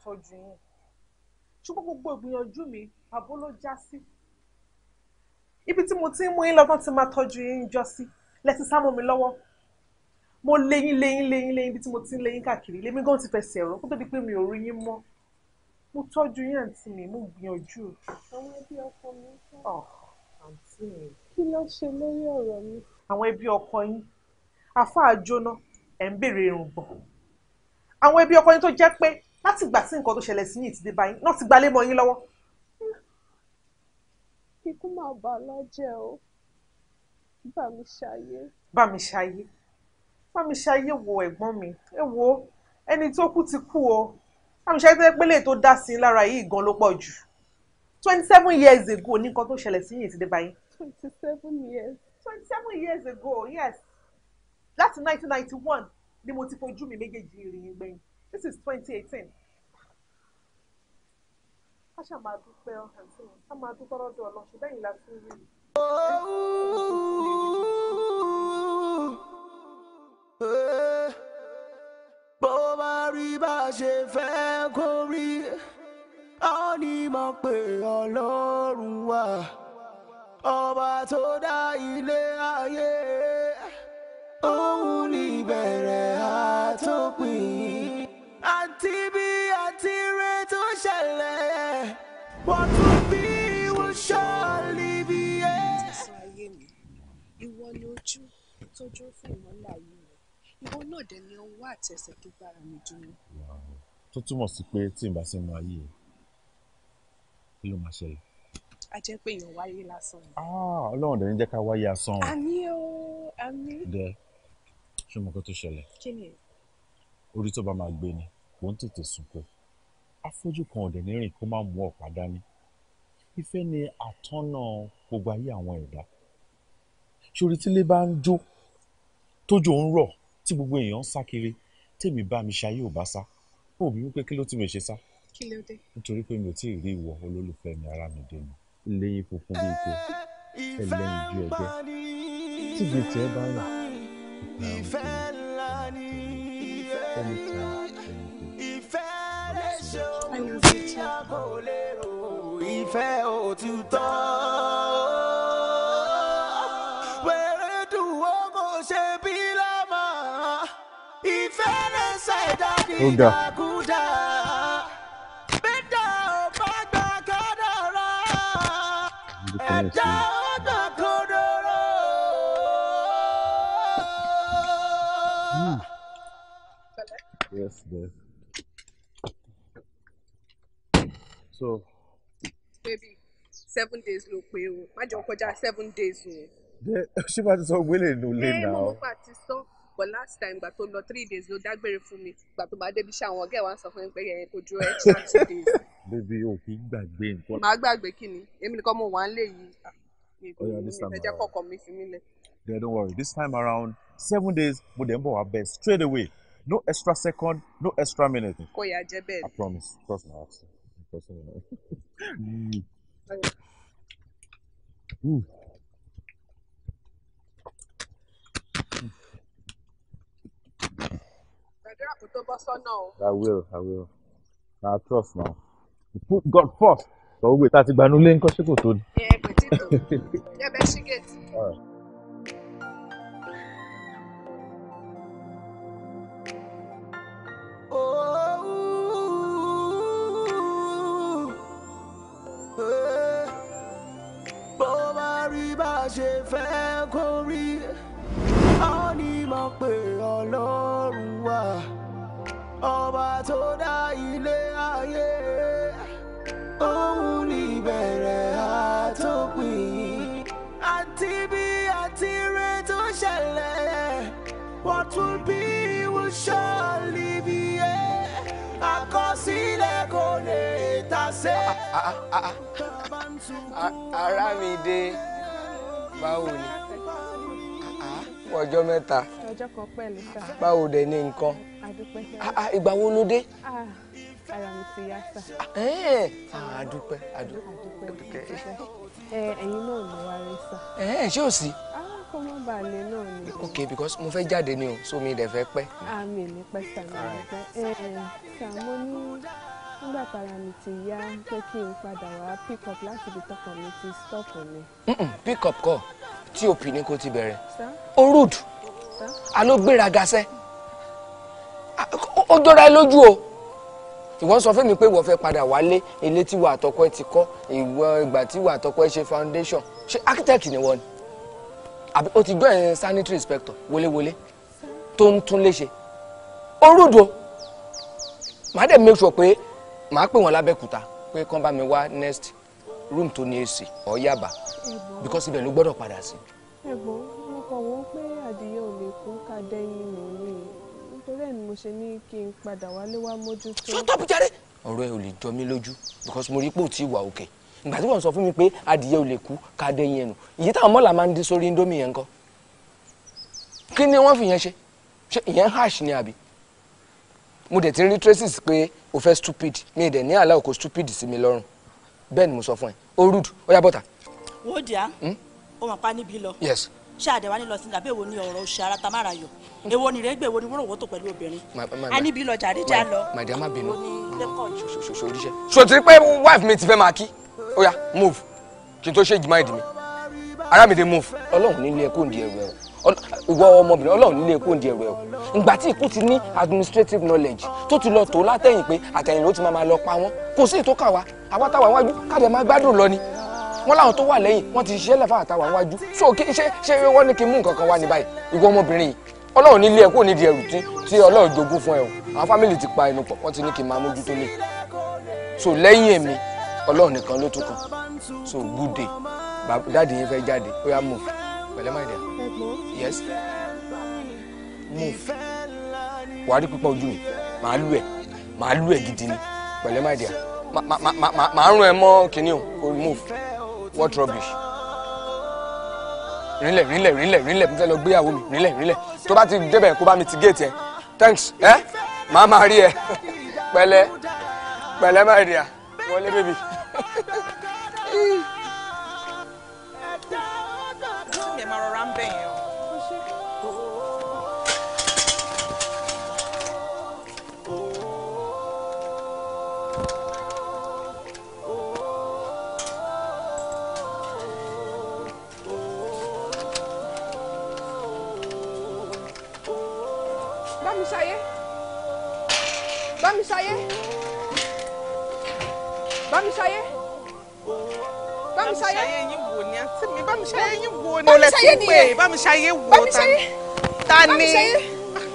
tọ́jú yín ṣùgbọ́n gbogbo ìgbìyànjú mi pàbó ló já sí ibi tí mo ti ń mú yín lọ́gán ti máa tọ́jú yín jọ sí lẹ́tí sá mọ́ mi lọ́wọ́ mo léyín léyín léyín léyín ibi tí mo ti ń léyín káàkiri lèmi gan ti fẹsẹ̀ rọ kó tó di pé mi ò rí yín mọ́ mo tọ́jú yín àǹtí mi mo gbìyànjú. àwọn ẹbí ọkọ mi ń fẹ́. Oh, àǹtí mi. kí ló ṣe lórí ọ̀rọ̀ mi. àwọn ẹbí ọkọ yín àfáà jóná ẹ̀ ń béèrè irùngbọ̀n àwọn ẹbí ọkọ yín tó jẹ́ pé láti ìgbà tí nǹkan tó ṣẹlẹ̀ sí yìí ti dé báyìí náà ti gbalé mọ́ yín lọ́wọ́. ikú máa bà á lájẹ́ o bá mi ṣayé. bá mi ṣayé bá mi ṣayé wo ẹ̀gbọ́n mi ẹ wo ẹni tó kú ti kú o bá mi ṣayé tó yẹ pé lè tó dá sí i lára yìí gan ló pọ̀ jù twenty seven years ago ní nǹkan tó ṣẹlẹ̀ sí yìí ti dé báyìí. twenty seven years. twenty seven years ago yes láti nineteen ninety one ni mo ti fojú mi méjèèjì rí yín gbẹ̀yìn this is twenty eighteen ká ṣáà máa dúpẹ́ àǹtí mi ká máa dúpẹ́ lọ́dọ̀ ọlọ́run ṣe bẹ́yìn la fi rí i. bó bá rí bá a ṣe fẹ́ kó rí ọ ní mọ̀ pé ọlọ́run wà ọba tó dá ilé ayé òun ní ìbẹ̀rẹ̀ àtòpin àti bí àti rẹ̀ ṣẹlẹ̀ what will be will surely be. sísan ayé mi ìwọ ni ojú tójú fún ìmọ́lẹ̀ ayé mi ìwọ náà dẹ̀ ni ọwọ́ àtẹsẹ̀ tó gbára mi dúró. tó túmọ̀ sí pé tí n bá sínú ayé kí ló máa ṣẹlẹ̀. a jẹ́ pé èèyàn wáyé lásán ni. Ah, ọlọ́run dẹ̀ ní jẹ́ ká wáyé asán o. o àmín. dẹ ṣé mo kọ́ tó ṣẹlẹ̀. kí ni. orí tó bá máa gbé ni kò ń tètè sunkún afọ́jú kan ò dẹ̀ ní rìn kó má mú ọ̀pá dání ìfẹ́ ni àtọ́nà gbogbo ayé àwọn ẹ̀dá ṣòrí tílé bá ń jó tójò ń rọ̀ tí gbogbo èèyàn ń sá kiri tèmi bá mi ṣayé ò bá sá ó bí wípé kí ló ti mi ṣe sá nítorí pé mi ò tí ì rí ìwọ olólùfẹ́ mi ara mi dé mi lẹ́yìn funfun bíi pé ẹlẹ́yin ju ẹgbẹ́ tí gbèsè ẹ bá rà ìfẹ́ ńlá ni ìfẹ́ ńlá ni ìfẹ́ òtítọ́. wẹ̀rẹ̀ dùwọ́ hmm. Yes, dear. so. baby seven days ló pé o má jọ kọjá seven days o. ṣé bá ti sọ gbélé nù lé nà ó. ẹ mo mọ̀ pa ti sọ but last time gbà tó lọ three days ló dágbére fún mi gbà tó bá débi ṣáwọn ọgá ẹ wá ń sọ fún mi pé yẹn kò ju extra two days. Baby, o kì í gbàgbé nǹkan. màá gbàgbé kí ni èmi nìkan mo wà á lè yí ìgbẹ́jẹ́ kọ̀ọ̀kan mi fi mí lẹ̀. there don't worry this time around seven days mo dẹ̀ ń bọ̀ wá straight away no extra second no extra minute. kò yà jẹ́ bẹ́ẹ̀ ni. i promise trust my action person mm. Mm. I will, I will. I trust now. You put God first. So we wait. That's the granule in Koshiko. Yeah, but it's. Yeah, but she gets. All right. ń pè ọlọ́run wá ọba tó dá ilé ayé òun ní ìbẹ̀rẹ̀ àtòpin àti bí àti rẹ tó ṣẹlẹ̀ what will be will surely be àkọsílẹ̀ kò lè tàsé. Àrámidé báwo ni ọjọ́ mẹ́ta ọjọ́ kan pẹ̀lú sà. báwo dẹ̀ ni nǹkan. àdúpẹ́ sẹ́yìn. Ah, ah, ìgbà wo ló dé. Ah, ara mi ti yá sà. àdúpẹ́ àdúpẹ́. ẹ̀yin náà ló wá rí sà. ṣé o sí. kó má bàa lè náà ni. ok because mo fẹ́ jáde ni o so mi dẹ̀ fẹ́ pẹ́. àmì ní pẹ́ sà ní pẹ́ sà mo ní nígbà tára mi ti yá pé kí n padà wá pick up láti ibi tọkàn mi ti stop mi. pick up kọ tí o pì ní kó ti bẹ̀rẹ̀ ó rude àló gbéra gasẹ́ ó jọra ẹ lójú o ìwọ sọ fún mi pé ìwọ fẹ́ padà wálé ilé tí wà àtọkọ ẹ ti kọ́ ìwọ ìgbà tí wà àtọkọ ẹ ṣe foundation ṣé architect ni wọ́n ni àbí o ti gbọ́ ẹ̀ sanitary inspector wọléwọlé tó ń tún léṣe ó rude o màá dẹ̀ make sure pé màá pè wọ́n lábẹ́kúta pé kán bá mi wá next room tó ní èsì or yaba because ibẹ̀ ló gbọ́dọ̀ padà sí. ẹ̀gbọ́n mo kàn wọ́n pé adìyẹ ò lè kú ká dẹ́yìn mò ń rìn nítorí ẹ̀ ni mo ṣe ní kí n padà wálé wá mójútó. sọ́tọ́ àbújáde ọ̀rọ̀ ẹ ò lè jọ mí lójú because mo rí pò tí ìwà òkè ìgbà tí wọ́n sọ fún mi pé adìyẹ ò lè kú ká dẹ́yìn ẹnu ìyí táwọn mọ́là máa ń dín sórí indomie yẹn kọ́ kí ni wọ́n fi yẹn ṣe ṣe ìyẹn hash ni àbí mo dẹ̀ ti rí traces pé o fẹ́ stupid mi dẹ̀ ní àlá òkò stupid sí mi lọ́rùn bẹ́ẹ̀ ni mo sọ fún ẹ o rude ó yá bọ́tà. wo díà hmm? o mọ̀ pa níbí lọ. yes. ṣé àdẹ̀wá ní lọ sí ìdàbẹ̀ èwo ni ọ̀rọ̀ oṣù ara ta mára yọ èwo ni rẹ́gbẹ̀ èwo ni wọ́n rò wọ́tò pẹ̀lú obìnrin. a níbí lọ jàre já lọ. màdìá má bínú sòtì pé wife mi ti fẹ́ máa kí ó move kí n tó ṣe ìjìmá ìdí mi arámi dé move ọlọ́run nílé ẹ kó ń di ẹrù ẹ ìwọ ọmọbìnrin ọlọ́run nílé epo òǹdí ẹ̀rọ ẹ̀ o ìgbà tí ikú ti ní administrative knowledge tó ti lọ tó látẹ̀yìn pé àtẹ̀yìn ló ti máa lọ pa wọ́n kò sí ètò kàwá àwa táwa wájú káde máa gbádùn lọ ni wọ́n láwọn tó wà lẹ́yìn wọ́n ti ṣiṣẹ́ lẹ́fà àtàwà wájú so kí ṣe ṣe wọ́n ní kí n mú nǹkan kan wá ní báyìí ìwọ ọmọbìnrin yìí ọlọ́run nílé ẹ̀ kó nídi ẹ̀rù tí tí ọlọ́run jogún fún ẹ o àwọn fámìlì ti pa ẹnu pọ̀ wọ́n ti ní kí n máa mójútó lé so lẹ́yìn èmi ọlọ́run nìkan ló tún kàn so good day dáàdi yẹn fẹ́ jáde ó yá move pẹ̀lẹ́ my dear. yes move wàá rí pípa ojú mi màá lù ẹ́ màá lù ẹ́ gidi ni pẹ̀lẹ́ my dear màá rún ẹ mọ́ kínní o kò move what rubbish rínlẹ̀ rínlẹ̀ rínlẹ̀ rínlẹ̀ mo fẹ́ lọ gbéyàwó mi rínlẹ̀ rínlẹ̀ tó bá ti débẹ̀ kó bá mi ti géètì ẹ thanks ẹ màá máa rí ẹ pẹ̀lẹ́ pẹ̀lẹ́ my dear wọlé bèbí. ẹ saye! rọra saye! bẹ̀ saye! àǹtí mi bámiṣayé yín wo ni lẹ ti pè é bámiṣayé wo ta ni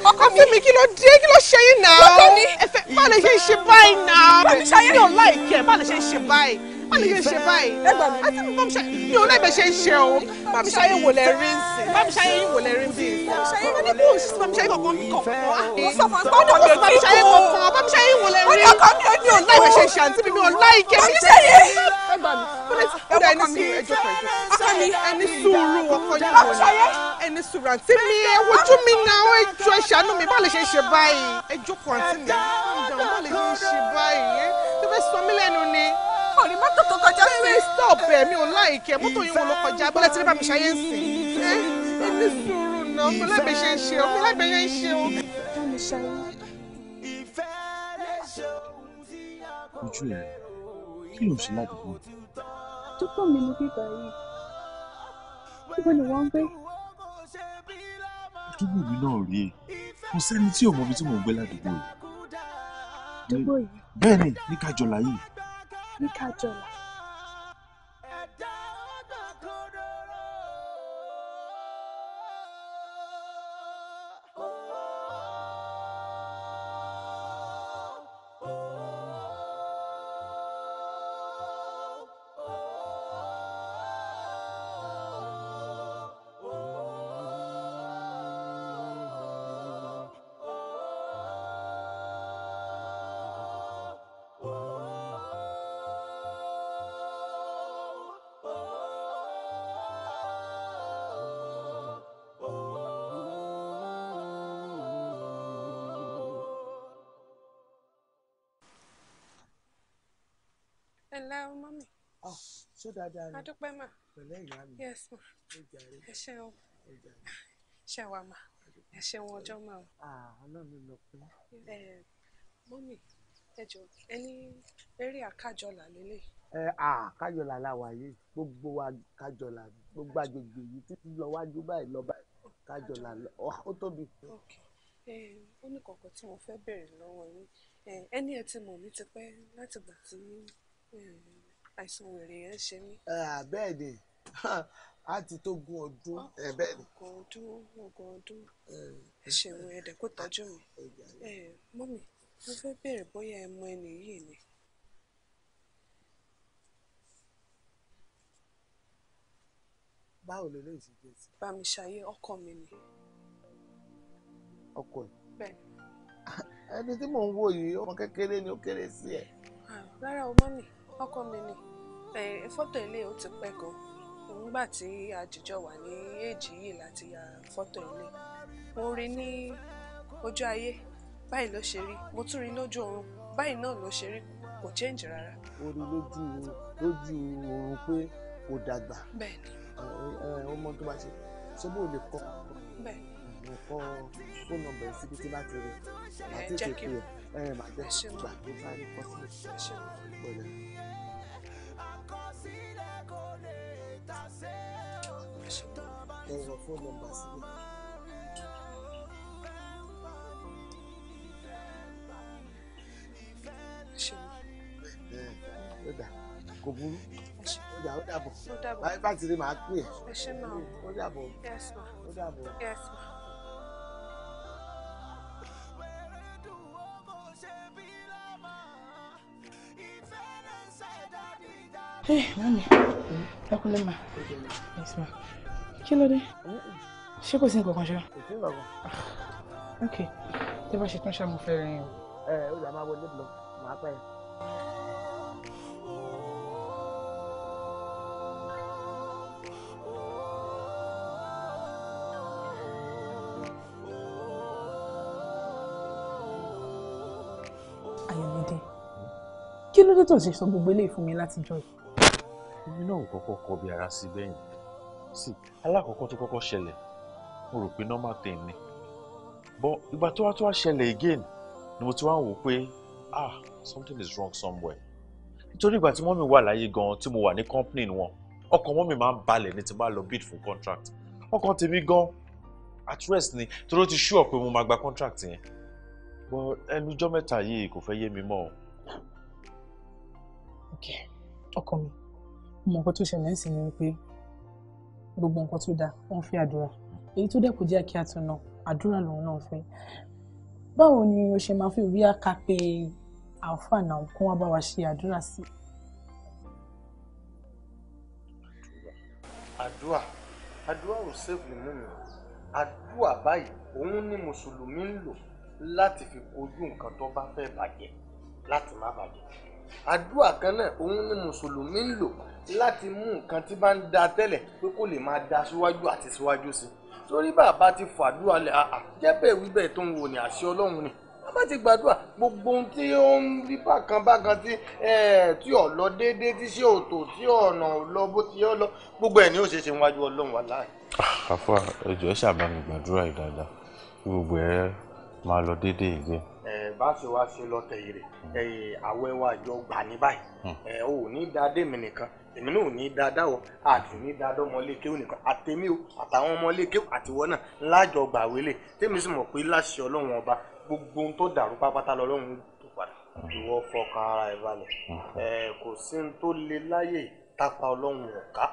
àǹtí mi kí ló dé kí ló ṣe yín náà ẹfẹ má lè ṣe ṣe báyìí náà mi ò láìkẹ má lè ṣe ṣe báyìí má lè ṣe ṣe báyìí àǹtí mi bámiṣayé mi ò láìpẹ́ ṣe ń ṣe o bámiṣayé wò lẹ rí nsì bámiṣayé yín wò lẹ rí bí bámiṣayé kankan bí kankan bámiṣayé kankan bámiṣayé wò lẹ rí mi ò láìpẹ́ ṣe ṣe àǹtí mi mi láìkẹ mi ṣe yé gbà mí kódà ẹni sùúrù ẹjọ́ kan ọkọ mi ẹni sùúrù ọkọ mi ẹ mi náà ẹ jọ̀ọ́ ẹ mi bá lè ṣe ṣe báyìí mi bá lè ṣe ṣe báyìí ẹ ni ọ̀rẹ́ mọ́tò tó kọjá sí. ẹ stop ẹ mi ò láìkẹ mọ́tò yìí wọ́n ló kọjá bọ́lá tí bá mi ṣayé ń sìn ẹ ní sùúrù náà mo lábẹ́ ṣe ń ṣe o mo lábẹ́ ṣe o. ojú ẹ kí ló ń ṣe ládùúgbò. dókítà mi ní bíbá yìí níbo ni wọ́n ń gbé. àdúgbò mi náà rèé kò sẹ́ni tí ò mọ ibi tí mò ń gbé ládùúgbò yìí. àdúgbò yìí. bẹ́ẹ̀ ni ní kájọlá yìí. ní kájọlá. pẹ̀lẹ́ ọmọ mi. ṣó dáadáa ni adúpẹ́ mà. pẹ̀lẹ́ ìyá mi. yes ma ẹ ṣe o ṣe wà mà ẹ ṣe wọn ọjọ́ mà o. Ah, ọlọ́run mi lọ pé. mọ́mì ẹ jọ ẹ ní eré àkájọlà lélẹ̀. ẹ ah, àkájọlà la wà yìí gbogbo wa kájọlà gbogbo agbègbè yìí títí lọ wájú báyìí lọ báyìí kájọlà ó tóbi. ó ní kọ̀ọ̀kan tí mo fẹ́ bẹ̀rẹ̀ lọ́wọ́ yín ẹni ẹ ti mọ̀ mí tipẹ́ láti gbà tí àìsàn wèrè yẹn ṣe mí. bẹ́ẹ̀ ni a ti tó gun ọdún ah, bẹ́ẹ̀ ni. ọgọ ọdún ọgọ ọdún ẹ ṣeun ẹdẹ kó tọ́jú mi mọ́mì mo fẹ́ bẹ̀rẹ̀ bóyá ẹ mọ ẹni yìí ni. báwo lè lè ṣe jẹ sí. bàmí ṣayé ọkọ mi ni. ọkọ yìí. bẹ́ẹ̀ ẹni tí mò ń wò yìí ọmọ kékeré ni ó kéré sí ẹ. Ah, rárá o mọ́mì ọkọ mi ni fọ́tò ilé ó ti pẹ́ gan nígbà tí àjíjọ wà ní èjì yìí láti ya fọ́tò ilé mo rí ní ojú ayé báyìí ló ṣe rí mo tún rí lójú oorun báyìí náà ló ṣe rí kò change rárá. ó rí lójú lójú oorun pé kò dàgbà ọmọ tó bá ṣe ṣé bó lè kọ́ mo kọ́ fóònù nọ́mbà ẹ̀ síbi tí bá ti rí àti ètò ìpè ẹ̀ ẹ bàjẹ́ gbà tó bá rí pọ́tù pẹ̀lẹ́. ẹ rọ fóònù nọ́mbà sílẹ̀. ó dà kò burú ó dà ó dàbọ̀ báyìí bá ti rí màá pè é ó dàbọ̀ ó dàbọ̀. Hey, mami. Ẹ kúlẹ̀ ma. Yes, ma. Kí ló dé? Ṣé kò sí nǹkan kan ṣe? Ah, ok. Tí bá ṣe tún ṣàmú fẹ́ rẹ̀ yín o. Ẹ ẹ olùdá máa wọlé lọ, màá pẹ́. Ayọ̀mídé, kí ló dé tó ṣe sọ gbogbo eléyìí fún mi látijọ́ yìí? èmi náà ò kọ́kọ́ kọ bí ara sí bẹ́yìn sí alákọ̀ọ́kọ́ tó kọ́kọ́ ṣẹlẹ̀ mo rò pé normal ten ni but ìgbà tó wá tó wá ṣẹlẹ̀ again ni mo ti wá ń wò pé ah something is wrong somewhere nítorí ìgbà tí mọ́mì wà láyé gan-an tí mo wà ní company wọn ọkàn mọ́mì máa ń balẹ̀ ní ti máa lọ bid fún contract ọkàn tèmi gan at rest ni torí ó ti ṣú ọ̀pẹ mo máa gba contract yẹn but ẹnujọ́ mẹ́ta yìí kò fẹ́ yé mi mọ́ o. ok ọkọ mi mo nǹkan tó ṣẹlẹ̀ ń sìn ni pé gbogbo nǹkan tó dáa wọ́n fi àdúrà èyí tó dẹ̀ kò jẹ́ kí a tún náà àdúrà lòun náà fẹ́ báwo ni o ṣe máa fi wíyá ká pé àáfà náà kó wá bá wa ṣe àdúrà sí. àdúrà àdúrà ò sèfù nínú mi àdúrà báyìí òun ni mùsùlùmí ń lò láti fi kojú nǹkan tó bá fẹ́ bàjẹ́ láti má bàjẹ́ àdúrà kan náà òun ni mùsùlùmí ń lò láti mú nǹkan tí bá ń da tẹ́lẹ̀ pé kó lè máa da síwájú àti síwájú sí i torí bàbá ti fàdúrà lẹ àà jẹ́ bẹ́ẹ̀ wí bẹ́ẹ̀ tó ń wò ní àṣẹ ọlọ́run ni bàbá ti gbàdúrà gbogbo ohun tí ó ń rí bákan bákan tí tí ò lọ déédéé tí ṣé òtò tí ọ̀nà ò lọ bó ti yọ lọ gbogbo ẹ̀ ni ó ṣe ṣe níwájú ọlọ́run wà láàyè. àfọ ẹjọ ṣàbàmì gbàdúrà ìdáadáa kí gbogbo ẹ máa lọ déédéé ìgbẹ́ bá ṣe wá ṣe lọ́tẹ̀ yìí rẹ̀ hmm. àwẹ̀ wa jọ gbà ní báyìí hmm. ò ní da dèmi nìkan èmi náà ò ní da dáwọ àti ní da dọmọléke nìkan àtẹmí o àtàwọn ọmọléke àtiwọ náà lájọ gbà wélé tèmi sì mọ̀ pé láṣẹ ọlọ́run ọba gbogbo ohun tó dàrú pápátá lọ́lọ́run tó padà hmm. ìwọ fọkàn ara ẹ balẹ̀ kò sí ohun tó le láyè tápá ọlọ́run ọ̀ká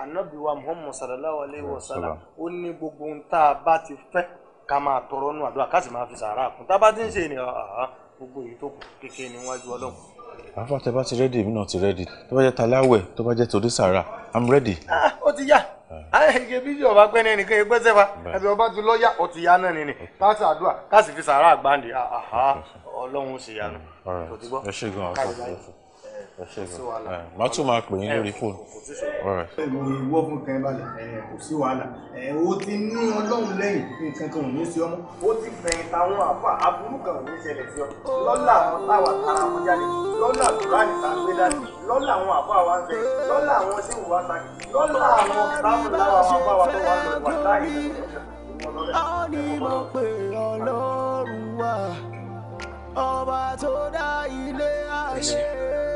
ànábìwa muhammad sallallahu alayhi wa sallam ó ní gbogbo ohun tá a bá ti fẹ́ ká máa tọrọ nù àdúrà ká sì máa fi sàárà kún tá a bá ti ń ṣe ènìyàn gbogbo èyí tó kù kékeré níwájú ọlọ́run. àfa tẹ bá ti rẹ́dì èmi náà ti rẹ́dì tó bá jẹ́ taláwẹ̀ tó bá jẹ́ torí sàárà i'm ready. Ah, ó ti yá ayẹyẹ ah. ah, bí ọba pẹ́ ní ẹnìkan ẹgbẹ́ sẹ́fà ẹbí ọba ti lọ́ọ́yà ó ti yá náà nìyẹn ká sì àdúrà ká sì fi sàárà gbáǹdì ọlọ́run ṣèyanu. ọ̀rẹ́ ẹ ṣe gan-an màá tún máa pè yín lórí fóònù. ìwọ fún kan balẹ̀ kò sí wàhálà o ti ní ọlọ́run lẹ́yìn nǹkan kan ò ní sí ọmọ o ti fẹ̀yìn táwọn àfa aburú kan ò ní ṣẹlẹ̀ sí ọ lọ́lá àwọn táwa tara wọn jáde lọ́lá àdúrà nìta gbé dání lọ́lá àwọn àfa wa ń bẹ lọ́lá àwọn tí wò wá lọ́lá àwọn táwọn táwa máa bá wa tó wà lọ wà láì àwọn ni ọlọ́run wa ọba tó dá ilé ayé.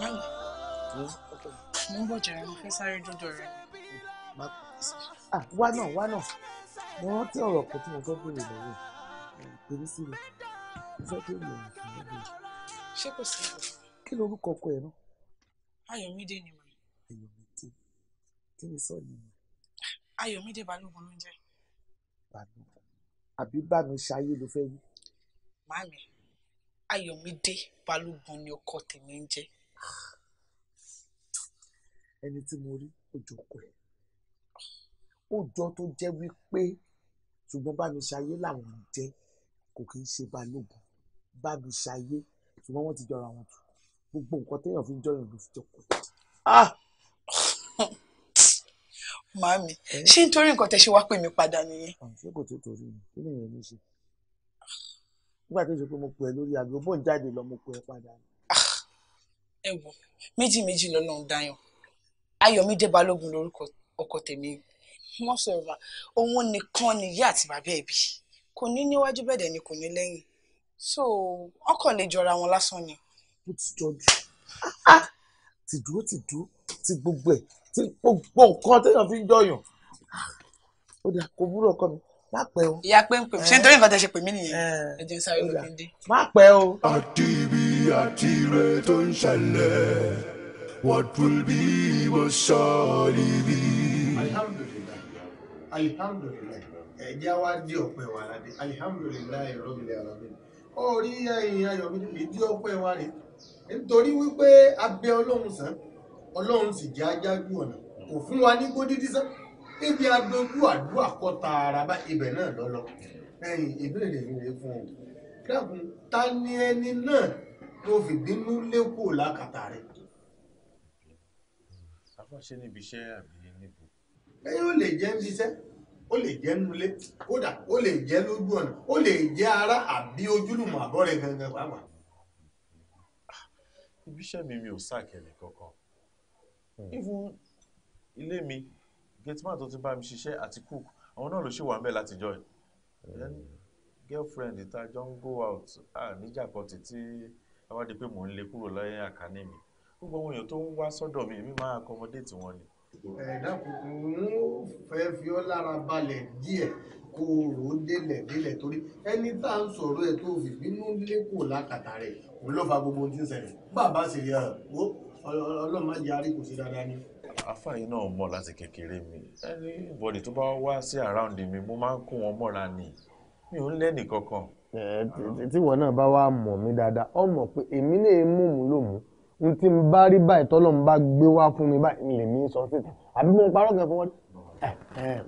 Báyìí, mo ń bọ̀ jẹ̀rẹ̀ mo fẹ́ sáré dọ́dọ̀ rẹ̀. Wá náà, wá náà, mo rántí ọ̀rọ̀ kan tí mo fẹ́ béèrè lọ́wọ́ ìrírí sí mi, mo fẹ́ béèrè ọ̀rọ̀ kan lọ́wọ́. Ṣé kò sí ọ̀rọ̀? Kí lorúkọ ọkọ ẹ̀ náà? Ayọ̀mídé ni mà. Ayọ̀mídé, kí ni sọ́ọ̀lì mi? Ayọ̀mídé Balógun ló ń jẹ́. Balógun, àbí bá mi ṣayé ló fẹ́ wí. Mami, ayọ̀mídé balógun ni ọkọ tèmi ń jẹ́. ẹni tí mo rí òjò kọ ẹ òjò tó jẹ́ wípé ṣùgbọ́n bá mi ṣayé làwọn ń jẹ́ kò kí ń ṣe balógun bá mi ṣayé ṣùgbọ́n wọ́n ti jọra wọn jù gbogbo nǹkan téèyàn fi ń jọyàn ló fi jọ kọ ah! ṣé nítorí nǹkan tẹ ṣe wá pè mí padà nìyẹn. àǹfẹ́ kò tó torí mi kí ni èèyàn ní í ṣe nígbà tó ṣe pé mo pè é lórí aago bóun jáde lọ mo pè é padà. Ah, ẹ wo méjì méjì lọ́nà ń dáyàn ayọ̀mídé balógun lórúkọ ọkọ tèmi wọ́n sọ ìwà òun nìkan ni ìyá àti bàbá ẹ̀ bí kò ní níwájú bẹ̀dẹ̀ ni kò ní lẹ́yìn so ọkọ̀ lè jọra wọn lásán ni. ó ti jọjú ah, ti dúró ti dúró ti gbogbo ẹ̀ ti gbogbo nǹkan téèyàn fi ń jọyàn ah, ó dà kó búrò ọkọ mi má pẹ́ o. ìyá pé ń pè mí ṣé nítorí nǹkan tẹ ṣe pè mí nìyẹn eh, ẹ jẹ́ sáré ló fi ń dé. má pẹ́ o. àti ibi àti ire tó ń ṣẹlẹ̀ what will be wo sọ́ọ̀lì bí. alihamudulilayi alihamudulilayi ẹ̀já wa di ọ̀pẹ̀ wà ládé alihamudulilayi rabbil alamin ayọ̀mídé mi di ọ̀pẹ̀ wà rè nítorí wípé abẹ́ ọlọ́run sàn ọlọ́run sì jẹ́ ajájú ọ̀nà kò fún wa ní kó sàn níbi adojú àdúrà kọ tààrà bá ibẹ̀ náà lọ́lọ́ ẹ̀yìn ìbéèrè mi rèé fún ọ dákun ta ni ẹni náà tó fi bínú lẹ́kọ̀ọ́ lákàtà rẹ̀. afáṣe níbi iṣẹ́ àbí níbo. ẹ̀yin ó lè jẹ́ níbi iṣẹ́ ó lè jẹ́ nulẹ̀ kódà ó lè jẹ́ lójú ọ̀nà ó lè jẹ́ ara àbí ojúlùmọ̀ àbọ̀ rẹ̀ gangan pàápàá. Ah, ibi iṣẹ́ mi mi ò sáàkẹ́lẹ̀ kankan. even ilé mi gateman tó ti bá mi ṣiṣẹ́ àti cook àwọn náà ló ṣì wà ń bẹ̀ látijọ́ yìí then girlfriend ta jọ ń go out níjàpọ̀ títí ẹ wá di pé mò ń lé kúrò lẹ́yìn àkàní mi gbogbo àwọn èèyàn tó ń wá sọ́dọ̀ mi èmi máa accommodate wọn ni. ẹ̀dá kùkù ń fẹ́ fi ọ́ lára balẹ̀ díẹ̀ kó o rò ó délẹ̀ délẹ̀ torí ẹni tá à ń sọ̀rọ̀ ẹ̀ tó fi bínú lé kò lákàtà rẹ̀ òun ló fa gbogbo ohun tí ń ṣẹlẹ̀ bàbá sì rí ọ̀rọ̀ ọlọ́mọdé arí kò sí dáadáa ni àfààní náà mọ̀ láti kékeré mi ẹni bọ̀dì tó bá wá sí àráùndì mi mo máa ń kó wọn mọ́ra ni mi ò ń lẹ́nì kankan. tí wọn náà bá wá mọ̀ mí dáadáa ọ mọ̀ pé èmi náà mú mú lòmù n tí n bá rí báyìí tọ́lọ́mù bá gbé wá fún mi báyìí lèmi sọ síta àbí mo parọ́ gan fún wọn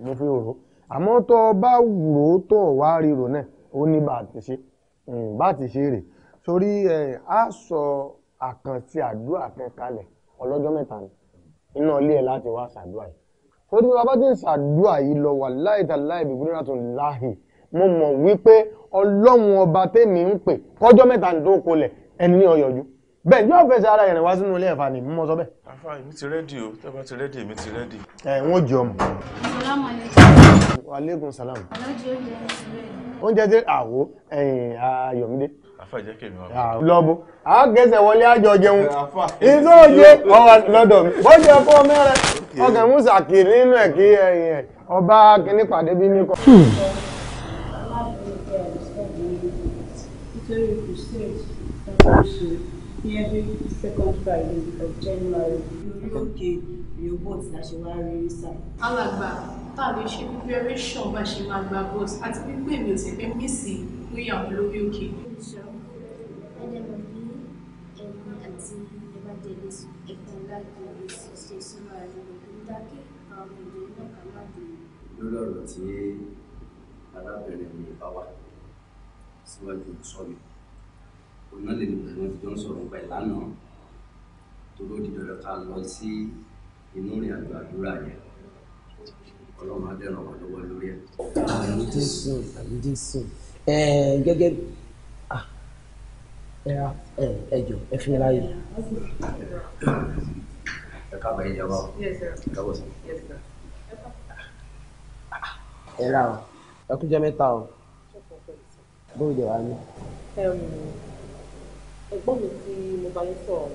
mo fi rò ó àmọ́ tó o bá rò ó tó o wá rí rò náà ó ní bá a ti ṣe bá a ti ṣe rè torí a àkànṣe àdúrà kan ọlọ́jọ́ mẹ́ta ni iná ilé ẹ̀ láti wá ṣàdúrà yìí torí bí bàbá ti ń ṣàdúrà yìí lọ wà láìta láì bìbúrẹ́ láti láàyè mo mọ̀ wípé ọlọ́run ọba tèmi ń pè kọjọ́ mẹ́ta ní tó kolẹ̀ ẹni ní ọyọ̀jú bẹ́ẹ̀ yóò fẹsẹ̀ ara yẹn wá sínú ilé ẹ̀fà ni mo sọ bẹ́ẹ̀. afa mi ti rẹ́dì o tẹ́ bá ti rẹ́dì mi ti rẹ́dì. ẹ n ó jọ mọ. aleykum salaam. oúnjẹ tí àwo ẹ̀yìn Ayọ̀mídé. Ah, lọ́bù a gẹ̀ẹ́sẹ̀ wọlé àjọ jẹun ìṣó òye ọwà lọ́dọ̀ mi bó jẹ ọkọ mẹ́rẹ̀ ọkàn musa kì nínú ẹ̀ kí ẹ̀yìn ẹ̀ ọba kìíní pàdé bí ní kọ́. Every second Friday okay, your boat that she was released. Alàgbà, tàbí ṣe preparation bá ṣe máa gba boat àti pípé mi ò sì fẹ́ mí sí ìgbéyàwó lórí òkè. lórí ọ̀rọ̀ tí arábìnrin mi bá wà síwájú sọ́mi òun náà lè ní pẹ̀lú wọn ti jọ ń sọ̀rọ̀ nípa ìlànà tó ló di dandan ká lọ sí inú ìrìn àjò àdúrà yẹn ọlọ́run á dẹ̀ràn wá lọ́wọ́ lórí ẹ̀. àmì jésù àmì jésù. Eh, gẹ́gẹ́ ah, ẹ jọ ẹ fi láyè. ẹ káàbọ̀ ẹ jọba káàbọ̀ sí. Ah, ẹ ra o ẹ kú jẹ mẹ́ta o bóyá ìjọba ni. ẹ̀gbọ́n mi tí mo bá yín sọ̀rọ̀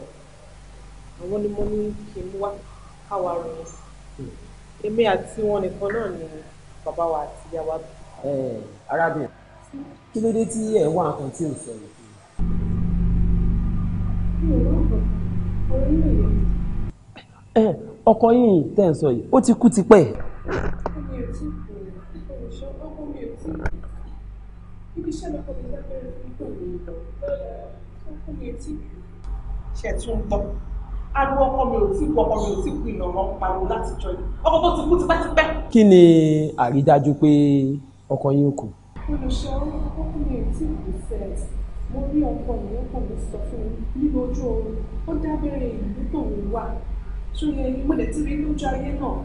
àwọn ni mo ní kí n wá káwa rẹ̀ hmm. èmi àti wọn nìkan náà ni bàbá wa àti ìyá wa. Eh, arábìnrin kí ló dé tí ẹ wá nǹkan tí ò sọ̀rọ̀ fún mi. ọkọ yìí tẹ̀ ń sọ yìí ó ti kú tipẹ́. ṣe tún gbọ́ ariwo ọkọ mi ò tí kú ọkọ mi ò tí kú ìlànà pariwo láti jọ yìí ọkọ tó ti kú tipẹ́tipẹ́. kí ni àrídájú pé ọkọ yín kù olùṣọ́ ọkùnrin tí ìfẹ́ mo rí ọkọ mi ọkọ mi sọ fún mi nínú ojú oorun ó dábẹ́rẹ́ ìlú tòun wà tó yẹ mo dẹ̀ ti rí lójú ayé náà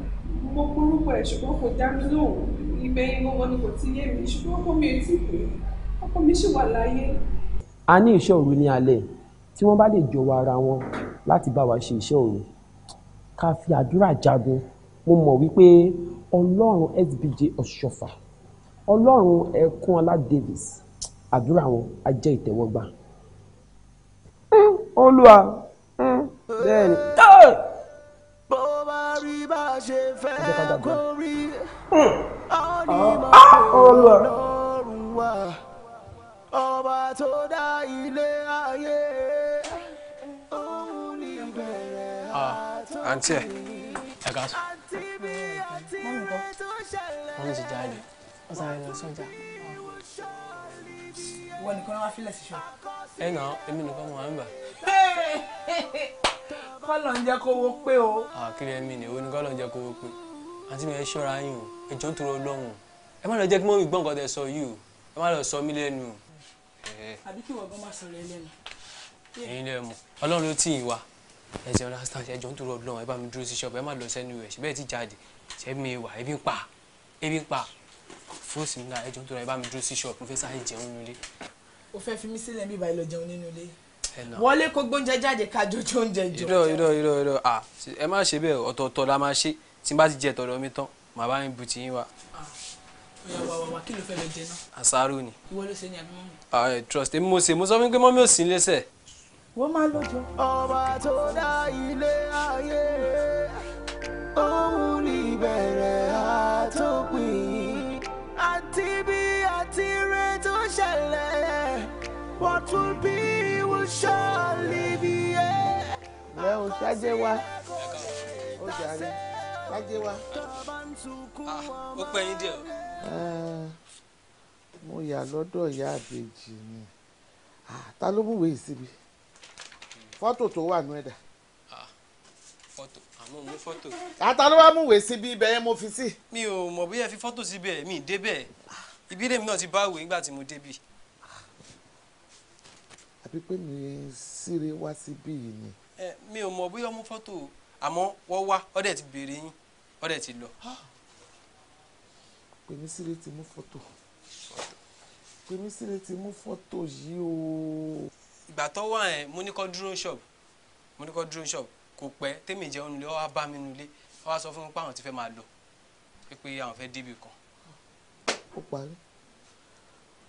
mo gbórúkọ ẹ̀ ṣùgbọ́n kò dá mi lóhùn ibẹ̀ gbogbo ni kò ti yé mi ṣùgbọ́n ọkọ mi ò tí ì pé ọkọ mi ṣì wà láyé. a ní iṣẹ́ òru ní alẹ́ tí wọ́n bá lè jọ̀wọ́ ara wọn láti bá wa ṣe iṣẹ́ òru ká fi àdúrà jagun mo mọ̀ wípé ọlọ́run sbj ọ̀ṣọ́fà ọlọ́run ẹ̀kúnọlá davis àdúrà wọn á jẹ́ ìtẹ́wọ́gbà. Hmm, olúwa hmm, bẹ́ẹ̀ ni. bó bá rí bá ṣe fẹ́ kó rí onímọ̀ lọ́rùn wa ọba tó dá ilé ayé òun ní bẹ̀rẹ̀ àtọ́jú ah, àǹtí ẹ̀ ẹ̀ka sọ. wọ́n ti ó sáré lọ sọ́jà. wọ́n nìkan wá fílẹ̀ sí ṣọ́. ẹ nà èmi nìkan mọ̀ ẹ́ ń bà. kọ́lọ̀ ń jẹ́ kówó pé o. àkìrẹ́ mi ni òun ni kọ́lọ̀ ń jẹ́ kówó pé àǹtí mi ẹ ṣọ́ra yín o ẹ jọ̀ọ́ tó lọ́wọ́ ẹ má lọ jẹ́ kí mọ́mí gbọ́ nǹkan tẹ sọ yìí o ẹ má lọ sọ mí lẹ́nu o. àbí kí wọ́n gan má sọ̀rọ̀ ẹ lẹ́nu. èyí lẹ mọ ọlọ́run ló tì í wa ẹ ṣe understand ẹ jọ̀ọ́ tó lọ́wọ́ ẹ bá mi dúró sí ṣọ́ọ̀bù ẹ má lọ sẹ́nu ẹ̀ ṣe bẹ́ẹ̀ ti jáde ṣẹ́mi wà ebi ń pa ebi ń pa fóòsì ńlá ẹjọ́ tó ra ẹ bá mi dúró sí ṣọ́ọ̀bù fẹ́ sáré jẹun nínú o fẹ́ fi mí sílẹ̀ bí ìbàlẹ̀ jẹun nínú ilé wọlé kó gbóúnjẹ jáde ká jójó oúnjẹ jọ. irọ́ irọ́ irọ́ irọ́ à ẹ má ṣe bẹ́ẹ̀ ọ̀tọ̀ọ̀tọ̀ la máa ṣe tí n bá ti jẹ tọ̀dọ̀ mi tán màá bá mi bu ti yín wa. ọ̀yà wà wà wà kí ló fẹ́ lọ jẹ náà. àṣàrò shall live here. ẹ ò ṣáájẹ wa ó jàre ṣáájẹ wa. ó pẹ́ yín díẹ̀. mo yà lọ́dọ̀ ìyá àbèjì ni ah, ah, ta ló mú ìwé ìsinmi fọ́tò tó wà nú ẹ̀dà. fọ́tò àmọ́ mo fọ́tò. ata ah, ló wá mú ìwé síbi ibẹ̀ yẹn mo fi sí. mi ò mọ̀ bóyá fi fọ́tò síbẹ̀ mi ì débẹ̀ ibi ilé mi náà ti bá ìwé nígbà tí mo débi àbí pé mi síre wá síbí yìí ni. ẹ mi ò mọ bóyá ọmú fọ́tò àmọ́ wọ́n wá ọ̀dẹ̀ ti béèrè yín ọ̀dẹ̀ ti lọ. pèmí síre ti mú fọ́tò pèmí síre ti mú fọ́tò yìí o. ìgbà tó wà ẹ mo ní kó dúró ṣọ́ọ̀bù mo ní kó dúró ṣọ́ọ̀bù kò pẹ́ tèmi jẹun nílé wọ́n wá bá mi nílé wọ́n wá sọ fún mi pé àwọn ti fẹ́ máa lọ pé àwọn fẹ́ débi kan. ó parí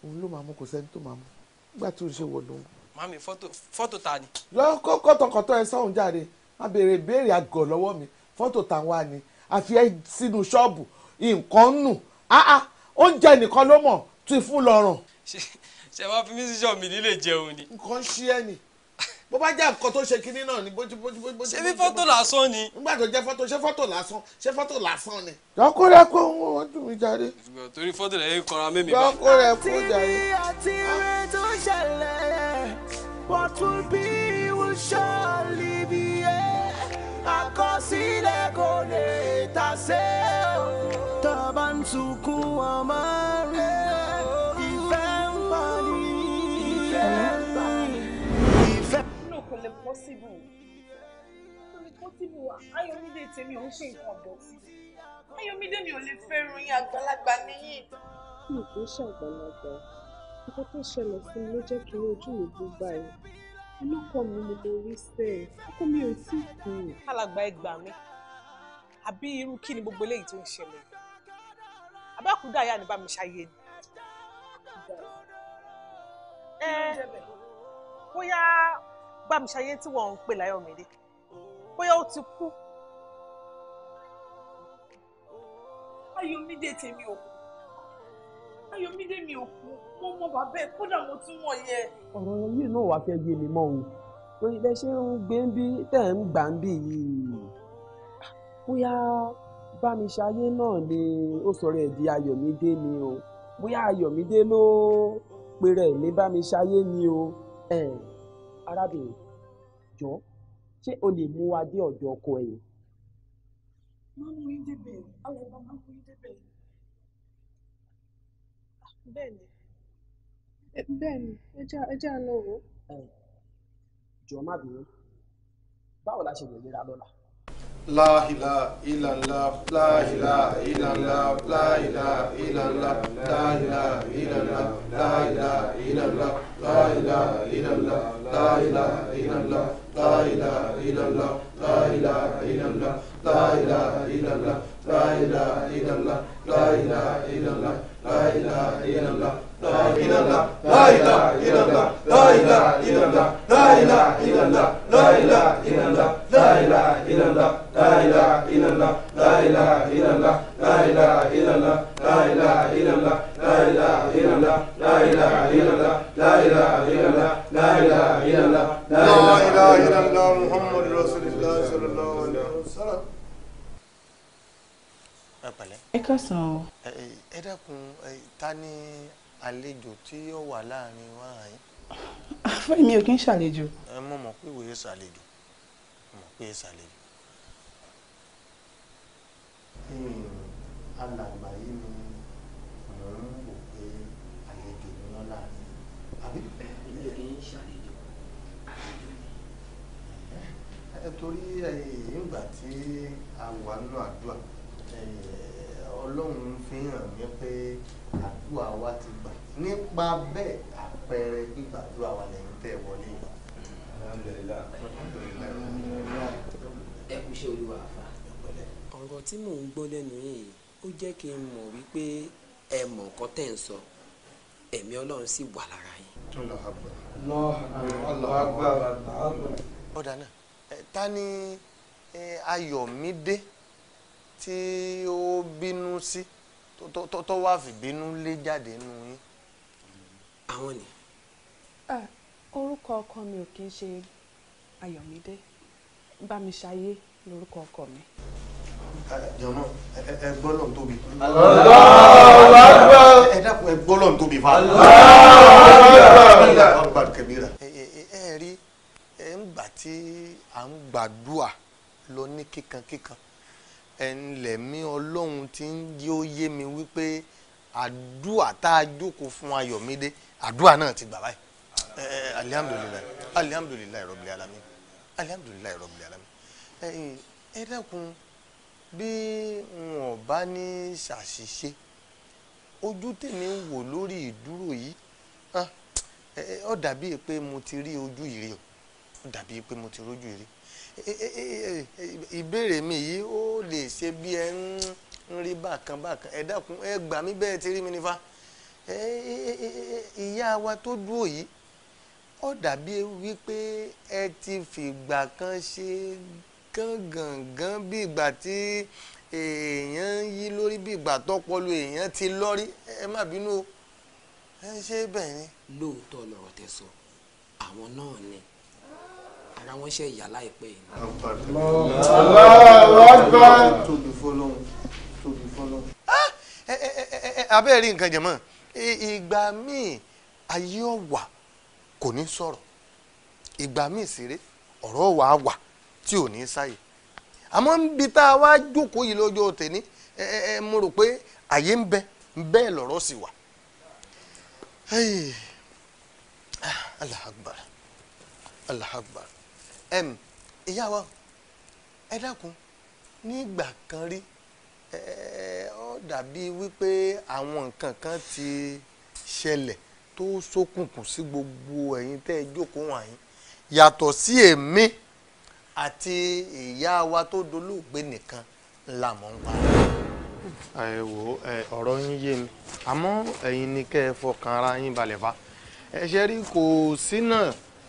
òun ló máa mú kò sẹ́ni tó máa mú nígbà tó ń ṣe wọ̀dùn mami fọ́tò fọ́tò ta ni. lọ kó kọ́tọ̀kọ́tọ̀ ẹ sọ́hún jáde má béèrè béèrè àgọ̀ lọ́wọ́ mi fọ́tò ta wa ni àfi ẹ sínú ṣọ́ọ̀bù nǹkan nù áá oúnjẹ nìkan ló mọ̀ tún fún lọ́rùn. ṣe wá fi mí mi nílé jẹun ni. nǹkan ṣí ẹ ni bó bá jẹ́ nǹkan tó ṣe kinní náà ni bójú bójú bójú. ṣé bí fọ́tò lásán ni. nígbà tó jẹ́ fọ́tò ṣé fọ́tò lásán ṣé fọ́tò lásán ni. lọ́kùnrin kó ń wọ́n dùn mí jáde. torí fọ́tò lẹ́yìn kọra mímí bá. lọ́kùnrin kó jáde. tí ọtí tó ṣẹlẹ̀ What will be will surely be. Àkọsílẹ̀ kò lè tàsé o. Tọ́ba ń sunkún ọmọ rẹ̀. Ìfẹ́ ń pa ní. Ìfẹ́ ń pa ní. Ìfẹ́. Nínú kò lè pọ́sibù. Kò lè pọ́sibù. Ayọ̀mídé tèmi ò ń ṣe nǹkan dọ̀tí. Ayọ̀mídé mi ò lè fẹ́ràn yín àgbàlagbà níyì. Mi kì í ṣe nǹkan tó ṣẹlẹ̀ sí mi ló jẹ́ kí inú ojú mi dùn báyìí olóko mi ni mo rí sẹ́ẹ̀ ọkọ mi ò tí ì kú. alàgbà ẹ gbà mí àbí irú kí ni gbogbo eléyìí tó ń ṣẹlẹ̀ abákúdà yà ní bá mi ṣayé ni. ẹ bóyá bá mi ṣayé tí wọ́n ń pè láyọ̀mídé bóyá ó ti kú. ayọ̀mídé tèmi ò kú. Yomide mi ò kú mo mọ bàbá ẹ kódà mo tún mọ̀ yẹ. ọ̀rọ̀ yìí náà wàá fẹ́ yé mi mọ́ o lórí bẹ́ẹ̀ ṣe ń gbé ń bí tẹ̀ ń gbà ń bì yìí bóyá bámiṣayé náà ni ó sọ̀rọ̀ ẹ̀ di Ayọ̀mídé ni o bóyá Ayọ̀mídé ló pèrè ní bámiṣayé ni o arábìnrin jọ ṣé o lè mú wa dé ọ̀dọ̀ ọkọ ẹ̀. máa mú yín débẹ̀ alẹ́ bá máa mú yín débẹ̀ bẹ́ẹ̀ni bẹ́ẹ̀ni ẹ jẹ́ àlọ́ o. jọ̀ọ́ má bínú báwo la ṣe lè lera lọ́la. láhìlá ìlànà láhìlá ìlànà láhìlá ìlànà láhìlá ìlànà láhìlá ìlànà láhìlá ìlànà láhìlá ìlànà láhìlá ìlànà láhìlá ìlànà láhìlá ìlànà láhìlá ìlànà láhìlá ìlànà. لا إله إلا الله لا إله إلا الله لا إله إلا الله لا إله إلا الله لا إله إلا الله لا إله إلا الله لا إله إلا الله لا إله إلا الله لا إله إلا الله لا إله إلا الله لا إله إلا الله لا إله إلا الله لا إله إلا الله لا إله إلا الله لا إله إلا الله محمد رسول الله صلى الله عليه وسلم ẹ kọsàn án o ẹ dákun ta ni àlejò tí ó wà láàrin wa yìí. Fẹ́mi ò kí ń ṣàlejò. ẹ mọ̀ mọ̀ pé ìwòye ṣàlejò mọ̀ pé ṣàlejò. alàgbà yìí ni mò ń wò pé àlejò ni wọ́n láàrin àbí. èmi ò kí ṣàlejò àlejò ni. ẹ torí ìgbà tí a wà nínú àdúrà ọlọ́run fi hàn mí pé àdúrà wa ti gbà nípa bẹ́ẹ̀ àpẹẹrẹ gbígbàdúrà wa lẹ́yìn tẹ́ wọlé yìí. ẹ kú iṣẹ́ olúwa àfa. ọ̀rọ̀ tí mò ń gbọ́ lẹ́nu yìí ó jẹ́ kí n mọ̀ wípé ẹ mọ̀ nǹkan tẹ̀ ń sọ ẹ̀mí ọlọ́run sì wà lára yín. ọ̀dà náà ta ni Ayọ̀mídé. Eh, tí ó bínú sí tó wá fìbínú lé jáde nù yín. àwọn ni. orúkọ ọkọ mi ò kí ń ṣe Ayọ̀mídé Bámiṣayé lórúkọ ọkọ mi. jọ̀mọ́ ẹ gbọ́ lọ́n tóbi. ẹ dákun ẹ gbọ́ lọ́n tóbi fa. ẹ rí ẹ ń gbà tí à ń gbàdúà lọ ní kíkankíkan ẹnlẹ̀ mi ọlọ́run ti ń yí ó yé mi wípé àdúà tá a jókòó fún ayọ̀mídé àdúà náà ti gbà báyìí alihamudulilayi alihamudulilayi rọbìlì alami alihamudulilayi rọbìlì alami ẹ dákun bí wọn ò bá ní ṣàṣìṣe ojú tèmi ń wò lórí ìdúró yìí ah, ó dàbí pé mo ti rí ojú ìrè ó dàbí pé mo ti rójú ìrè ìbéèrè mi yìí ó lè ṣe bí ẹ ń rí bákan bákan ẹ dákun ẹ gbà mí bẹ́ẹ̀ ti rí mi nífa ìyá wa tó dúró yìí ó dàbí wípé ẹ ti fìgbà kan ṣe gángangan bí ìgbà tí èèyàn ń yí lórí bí ìgbà tọpọlọ èèyàn ti lórí ẹ má bínú o ẹ ṣe bẹ́ẹ̀ ni. lóòótọ́ lọ̀rọ̀ tẹ sọ àwọn náà ni ara wọn ṣe ìyá láìpẹ́ yìí. tóbi fọlọ́hún tóbi fọlọ́hún. Ah, abẹ́ẹ̀ rí nǹkan jẹ̀mọ́ ìgbà míì ayé ọ̀wà kò ní sọ̀rọ̀ ìgbà míì ṣeré ọ̀rọ̀ ọ̀wà wà tí ò ní sáyè àmọ́ níbi tá a wá jókòó yìí lọ́jọ́ tèmi mo rò pé àyè ń bẹ bẹ́ẹ̀ lọ́rọ̀ sì wà. Ah, Allahu Akbar Allahu Akbar ìyá wa ẹ dákun nígbà kan rí ó dàbí wípé àwọn nǹkan kan ti ṣẹlẹ̀ tó ṣókùnkùn sí gbogbo ẹ̀yin tẹ́ ẹ jókòó wọ̀nyí yàtọ̀ sí èmi àti ìyá wa tó dolóògbé nìkan la mọ̀ ń pa. ẹ wo ọ̀rọ̀ yín yé mi àmọ́ ẹ̀yin ni kẹ́ ẹ fọkàn ara yín balẹ̀ fa ẹ ṣe rí kò sí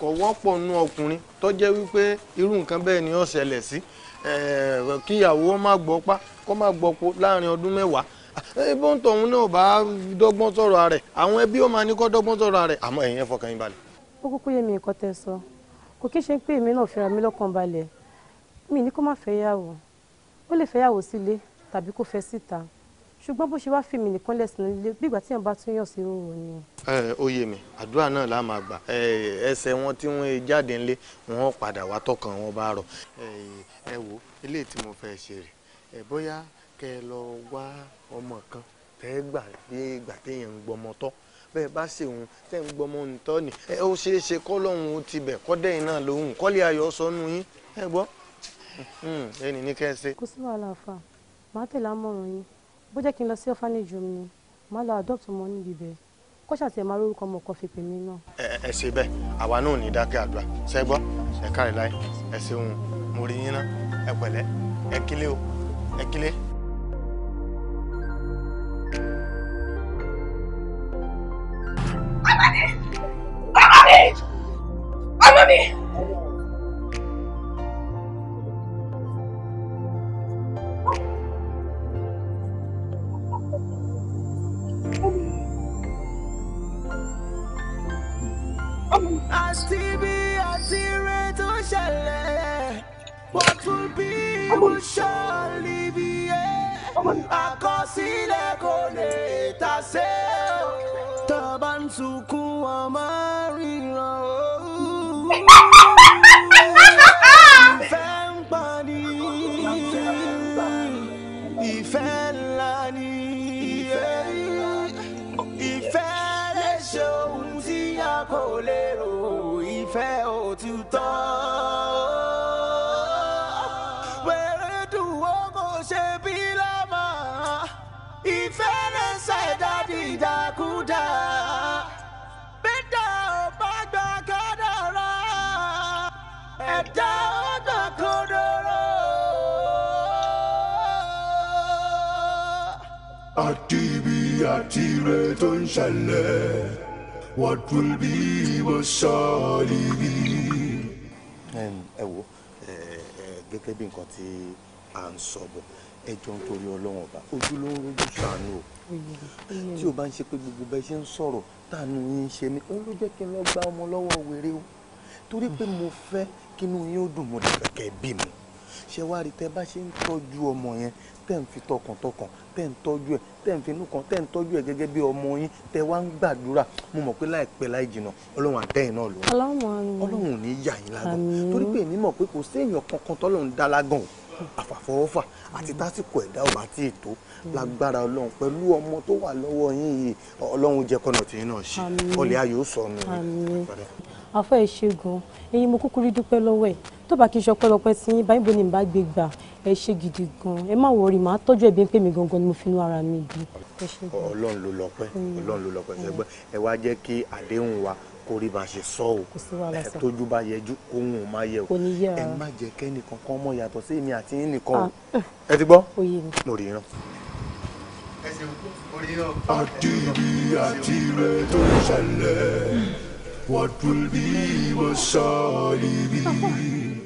kò wọ́pọ̀ nú ọkùnrin tó jẹ́ wípé irú nǹkan bẹ́ẹ̀ ni ó ṣẹlẹ̀ sí kíyàwó má gbọ́pá kó má gbọ́po láàrin ọdún mẹ́wàá ah, bó ń tọ̀hún náà bá dọ́gbọ́n sọ̀rọ̀ rẹ̀ àwọn ẹbí ó máa ní kó dọ́gbọ́n sọ̀rọ̀ rẹ̀ àmọ́ ẹ̀yìn ẹ̀fọ́ fọkàn yín balẹ̀. ó kúkú yé mi nǹkan tẹ́ sọ kò kí ṣe pé èmi náà fira mi lọ́kàn balẹ̀ mi ní kó má fẹ́ yàwó ó lè fẹ́ yàwó sílé tàbí kó fẹ́ síta. ṣùgbọ́n bó ṣe wá fi mí nìkan lẹ́sìn nílé bí ìgbà tí èèyàn bá tún yàn sí òwò ni. ẹ ó mi àdúrà náà la máa gbà ẹsẹ̀ wọn tí wọ́n jáde ńlé wọ́n padà wá tọkàn wọn bá rọ̀ ẹ wo ilé tí mo fẹ́ ṣe rè ẹ bóyá kẹ́ ẹ lọ wá ọmọ kan tẹ́ ẹ gbà bí ìgbà téèyàn ń gbọmọ tọ́ bẹ́ẹ̀ bá ṣe òun tẹ́ ń gbọmọ nìtọ́ ni ẹ ó ṣeé ṣe kọ́ lọ́hùn ti bẹ̀ kọ́dẹ́yìn náà lòun kọ́lé ayọ̀ sọnù yín ẹ gbọ́ hmm, ẹni ní kẹ́ kò sí wàhálà fà má tẹ̀lé àmọ̀ràn yín bó jẹ́ kí n lọ sí orphanage home lọ adopt ọmọ níbi bẹ́ẹ̀ kó ṣàtẹ̀ máa rórúkọ ọmọ pè náà. ẹ ṣe àwa náà ní dákẹ́ àdúrà ṣẹ ẹ káre láyé ẹ ṣeun mo rí yín ná ẹ síbi àti rẹ tó ṣẹlẹ̀ what will be will surely be àkọsílẹ̀ kò lè ta ṣe o tọ́ba ń sunkún ọmọ ríran o. àtìrẹ tó ń what will be will surely be. ẹ wo gẹ́gẹ́ bí nǹkan tí à ń sọ bọ̀ ẹ jọ ń torí ọlọ́run ọba ojú ló ń rojú ṣàánú o tí o bá ń ṣe pé gbogbo bẹ́ẹ̀ ṣe ń sọ̀rọ̀ tànú yín ṣe mí òun ló jẹ́ kí n lọ gba ọmọ lọ́wọ́ wèrè o torí pé mo fẹ́ kínú yín ó dùn mo dẹ̀ fẹ́ kẹ́ ṣe wá rí tẹ bá ṣe ń tọ́jú ọmọ yẹn tẹ̀ ń fi tọkàntọkàn tẹ̀ ń tọ́jú ẹ̀ tẹ̀ ń finú kan tẹ̀ ń tọ́jú ẹ̀ gẹ́gẹ́ bí ọmọ yín tẹ wá ń gbàdúrà mo mọ̀ pé láìpẹ́ láì jìnà ọlọ́run àtẹ̀yìn náà lò ọlọ́run ò ní yà yín lágàn torí pé èmi mọ̀ pé kò séèyàn kankan tọ́lọ́run dá lágàn o àfàfọwọ́fà àti tásìkò ẹ̀dá ò bá tí ì tó lágbára ọlọ́run pẹ̀lú ọmọ tó wà lọ́wọ́ yín yìí ọlọ́run jẹ́ kọ́nà tí náà ṣe ọlẹ́ ayò sọnù. àfọ ìṣègùn èyí mo kúkú rí dúpẹ́ lọ́wọ́ ẹ̀ tó bá kí n ṣọpẹ́ lọpẹ́ tí báyìí bo ni bá gbé gbà ẹ ṣe gidi gan ẹ má wọrí màá tọ́jú ẹbí pé mi gangan ni mo fi inú ara mi bí. Ọlọ́run ló lọ́pẹ́ mm. Ọlọ́run ló lọ́pẹ́ ṣẹgbọn mm. ẹ wá jẹ́ kí àdéhùn wa kó rí bá ṣe sọ o ẹ tójú bá yẹjú ohun ò má yẹ o ẹ má jẹ́ kẹ́ni kankan mọ̀ yàtọ̀ sí èmi àti yín nìkan o ah. ẹ ti gbọ́ mo rí iran. àdìrí àti rẹ tó ṣẹlẹ̀ what will be was shall be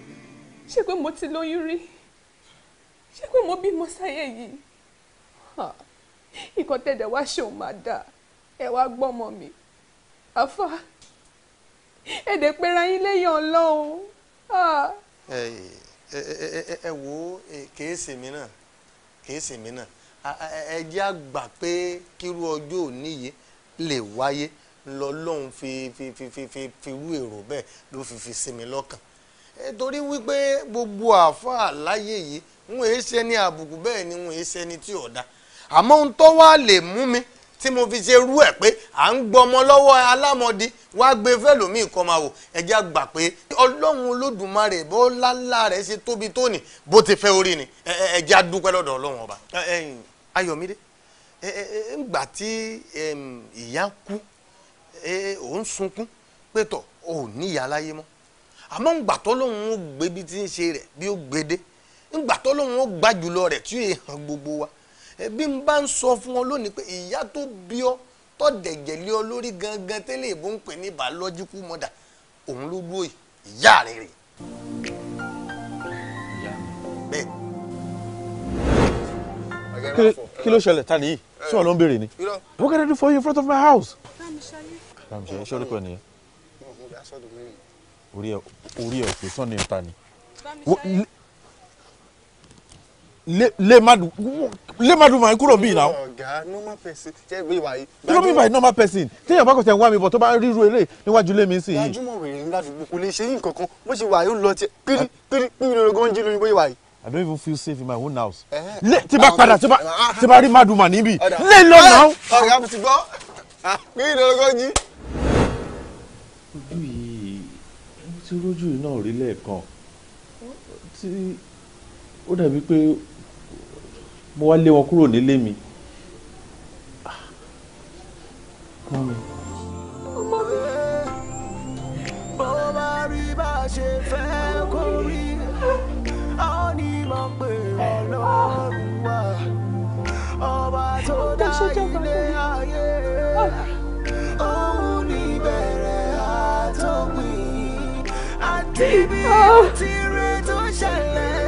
ṣé pé mo ti lóyún rí ṣé pé mo bímọ sáyé yìí ikọ̀ tẹ̀dẹ̀ wá ṣeun máa dà ẹ wá gbọ́mọ mi àfa èdè pera yín lẹ́yìn ọlọ́run. ẹ wo kèésì mi náà kèésì mi náà ẹ jẹ́ àgbà pé kírú ọjọ́ òní yìí lè wáyé lọ́lọ́run fi fi fi fi fi rú èrò bẹ́ẹ̀ ló fi fi sí lọ́kàn. Eh, torí wípé gbogbo àáfàá láyé yìí ń èé ṣe ní àbùkù bẹ́ẹ̀ ni ń èé ṣe ní tí ọ̀dà àmọ́ ohun tó wá lè mú mi tí mo fi ṣe rú ẹ̀ pé à ń gbọmọ lọ́wọ́ alámọ̀dí wá gbé fẹ́lòmíì kan máa wò ẹ̀já gbà pé ọlọ́run olódùmarè bó lálá rẹ̀ ṣe tóbi tóní bó ti fẹ́ orí ni ẹ̀já dúpẹ́ lọ́dọ̀ ọlọ́run ọba. ayọ̀mídé ǹgbà tí ìyá kú òun sunkún pé tọ̀ ò ní láyé mọ́ àmọ́ ńgbà tó lóun ó gbé bí ti ń ṣe rẹ̀ bí ó gbé dé ńgbà tó lóun ó gbà jùlọ rẹ̀ tí yóò hàn gbogbo wa bí n bá ń sọ fún ọ lónìí pé ìyá tó bí ọ tó dẹ̀jẹ̀ lé ọ lórí gangan tẹ́lẹ̀ ìbò ń pè ní biological mother òun ló dúró ìyá rẹ̀ rè. bẹ́ẹ̀. kí ló ṣẹlẹ̀ ta nìyí sọ ló ń béèrè ni what can I do for you in front of my house. bámi ṣayé. bámi ṣayé sọ́dọ̀ pẹ̀ nìyẹn orí ẹ̀ pé sàn ní ìta ni. lé madu máa kúrò bíi náà. ọ̀gá normal person normal person téèyàn bá kọ̀ tẹ̀ ń wá mi bọ̀ tó bá ríru eré níwájú lé mi sí i. gbajúmọ̀ wèrè ńlá àdúgbò kò lè ṣe yín kankan bó ṣe wà yóò lọ tiẹ̀ pírí pírí pírí lóògùn jí lóyún bó ṣe wà yìí. I don't even feel safe in my own house. Eh, lé tí bá ah, padà ah, ah, tí bá rí madu mà níbí lé lọ eh, náà. ọ̀gá mo ti gbọ́ pírí lóògùn jí. ojú yìí tí rójú náà rí lẹ́ẹ̀kan tí ó dàbí pé mo wá lé wọn kúrò nílé mi. ọmọ mi. ọmọ o.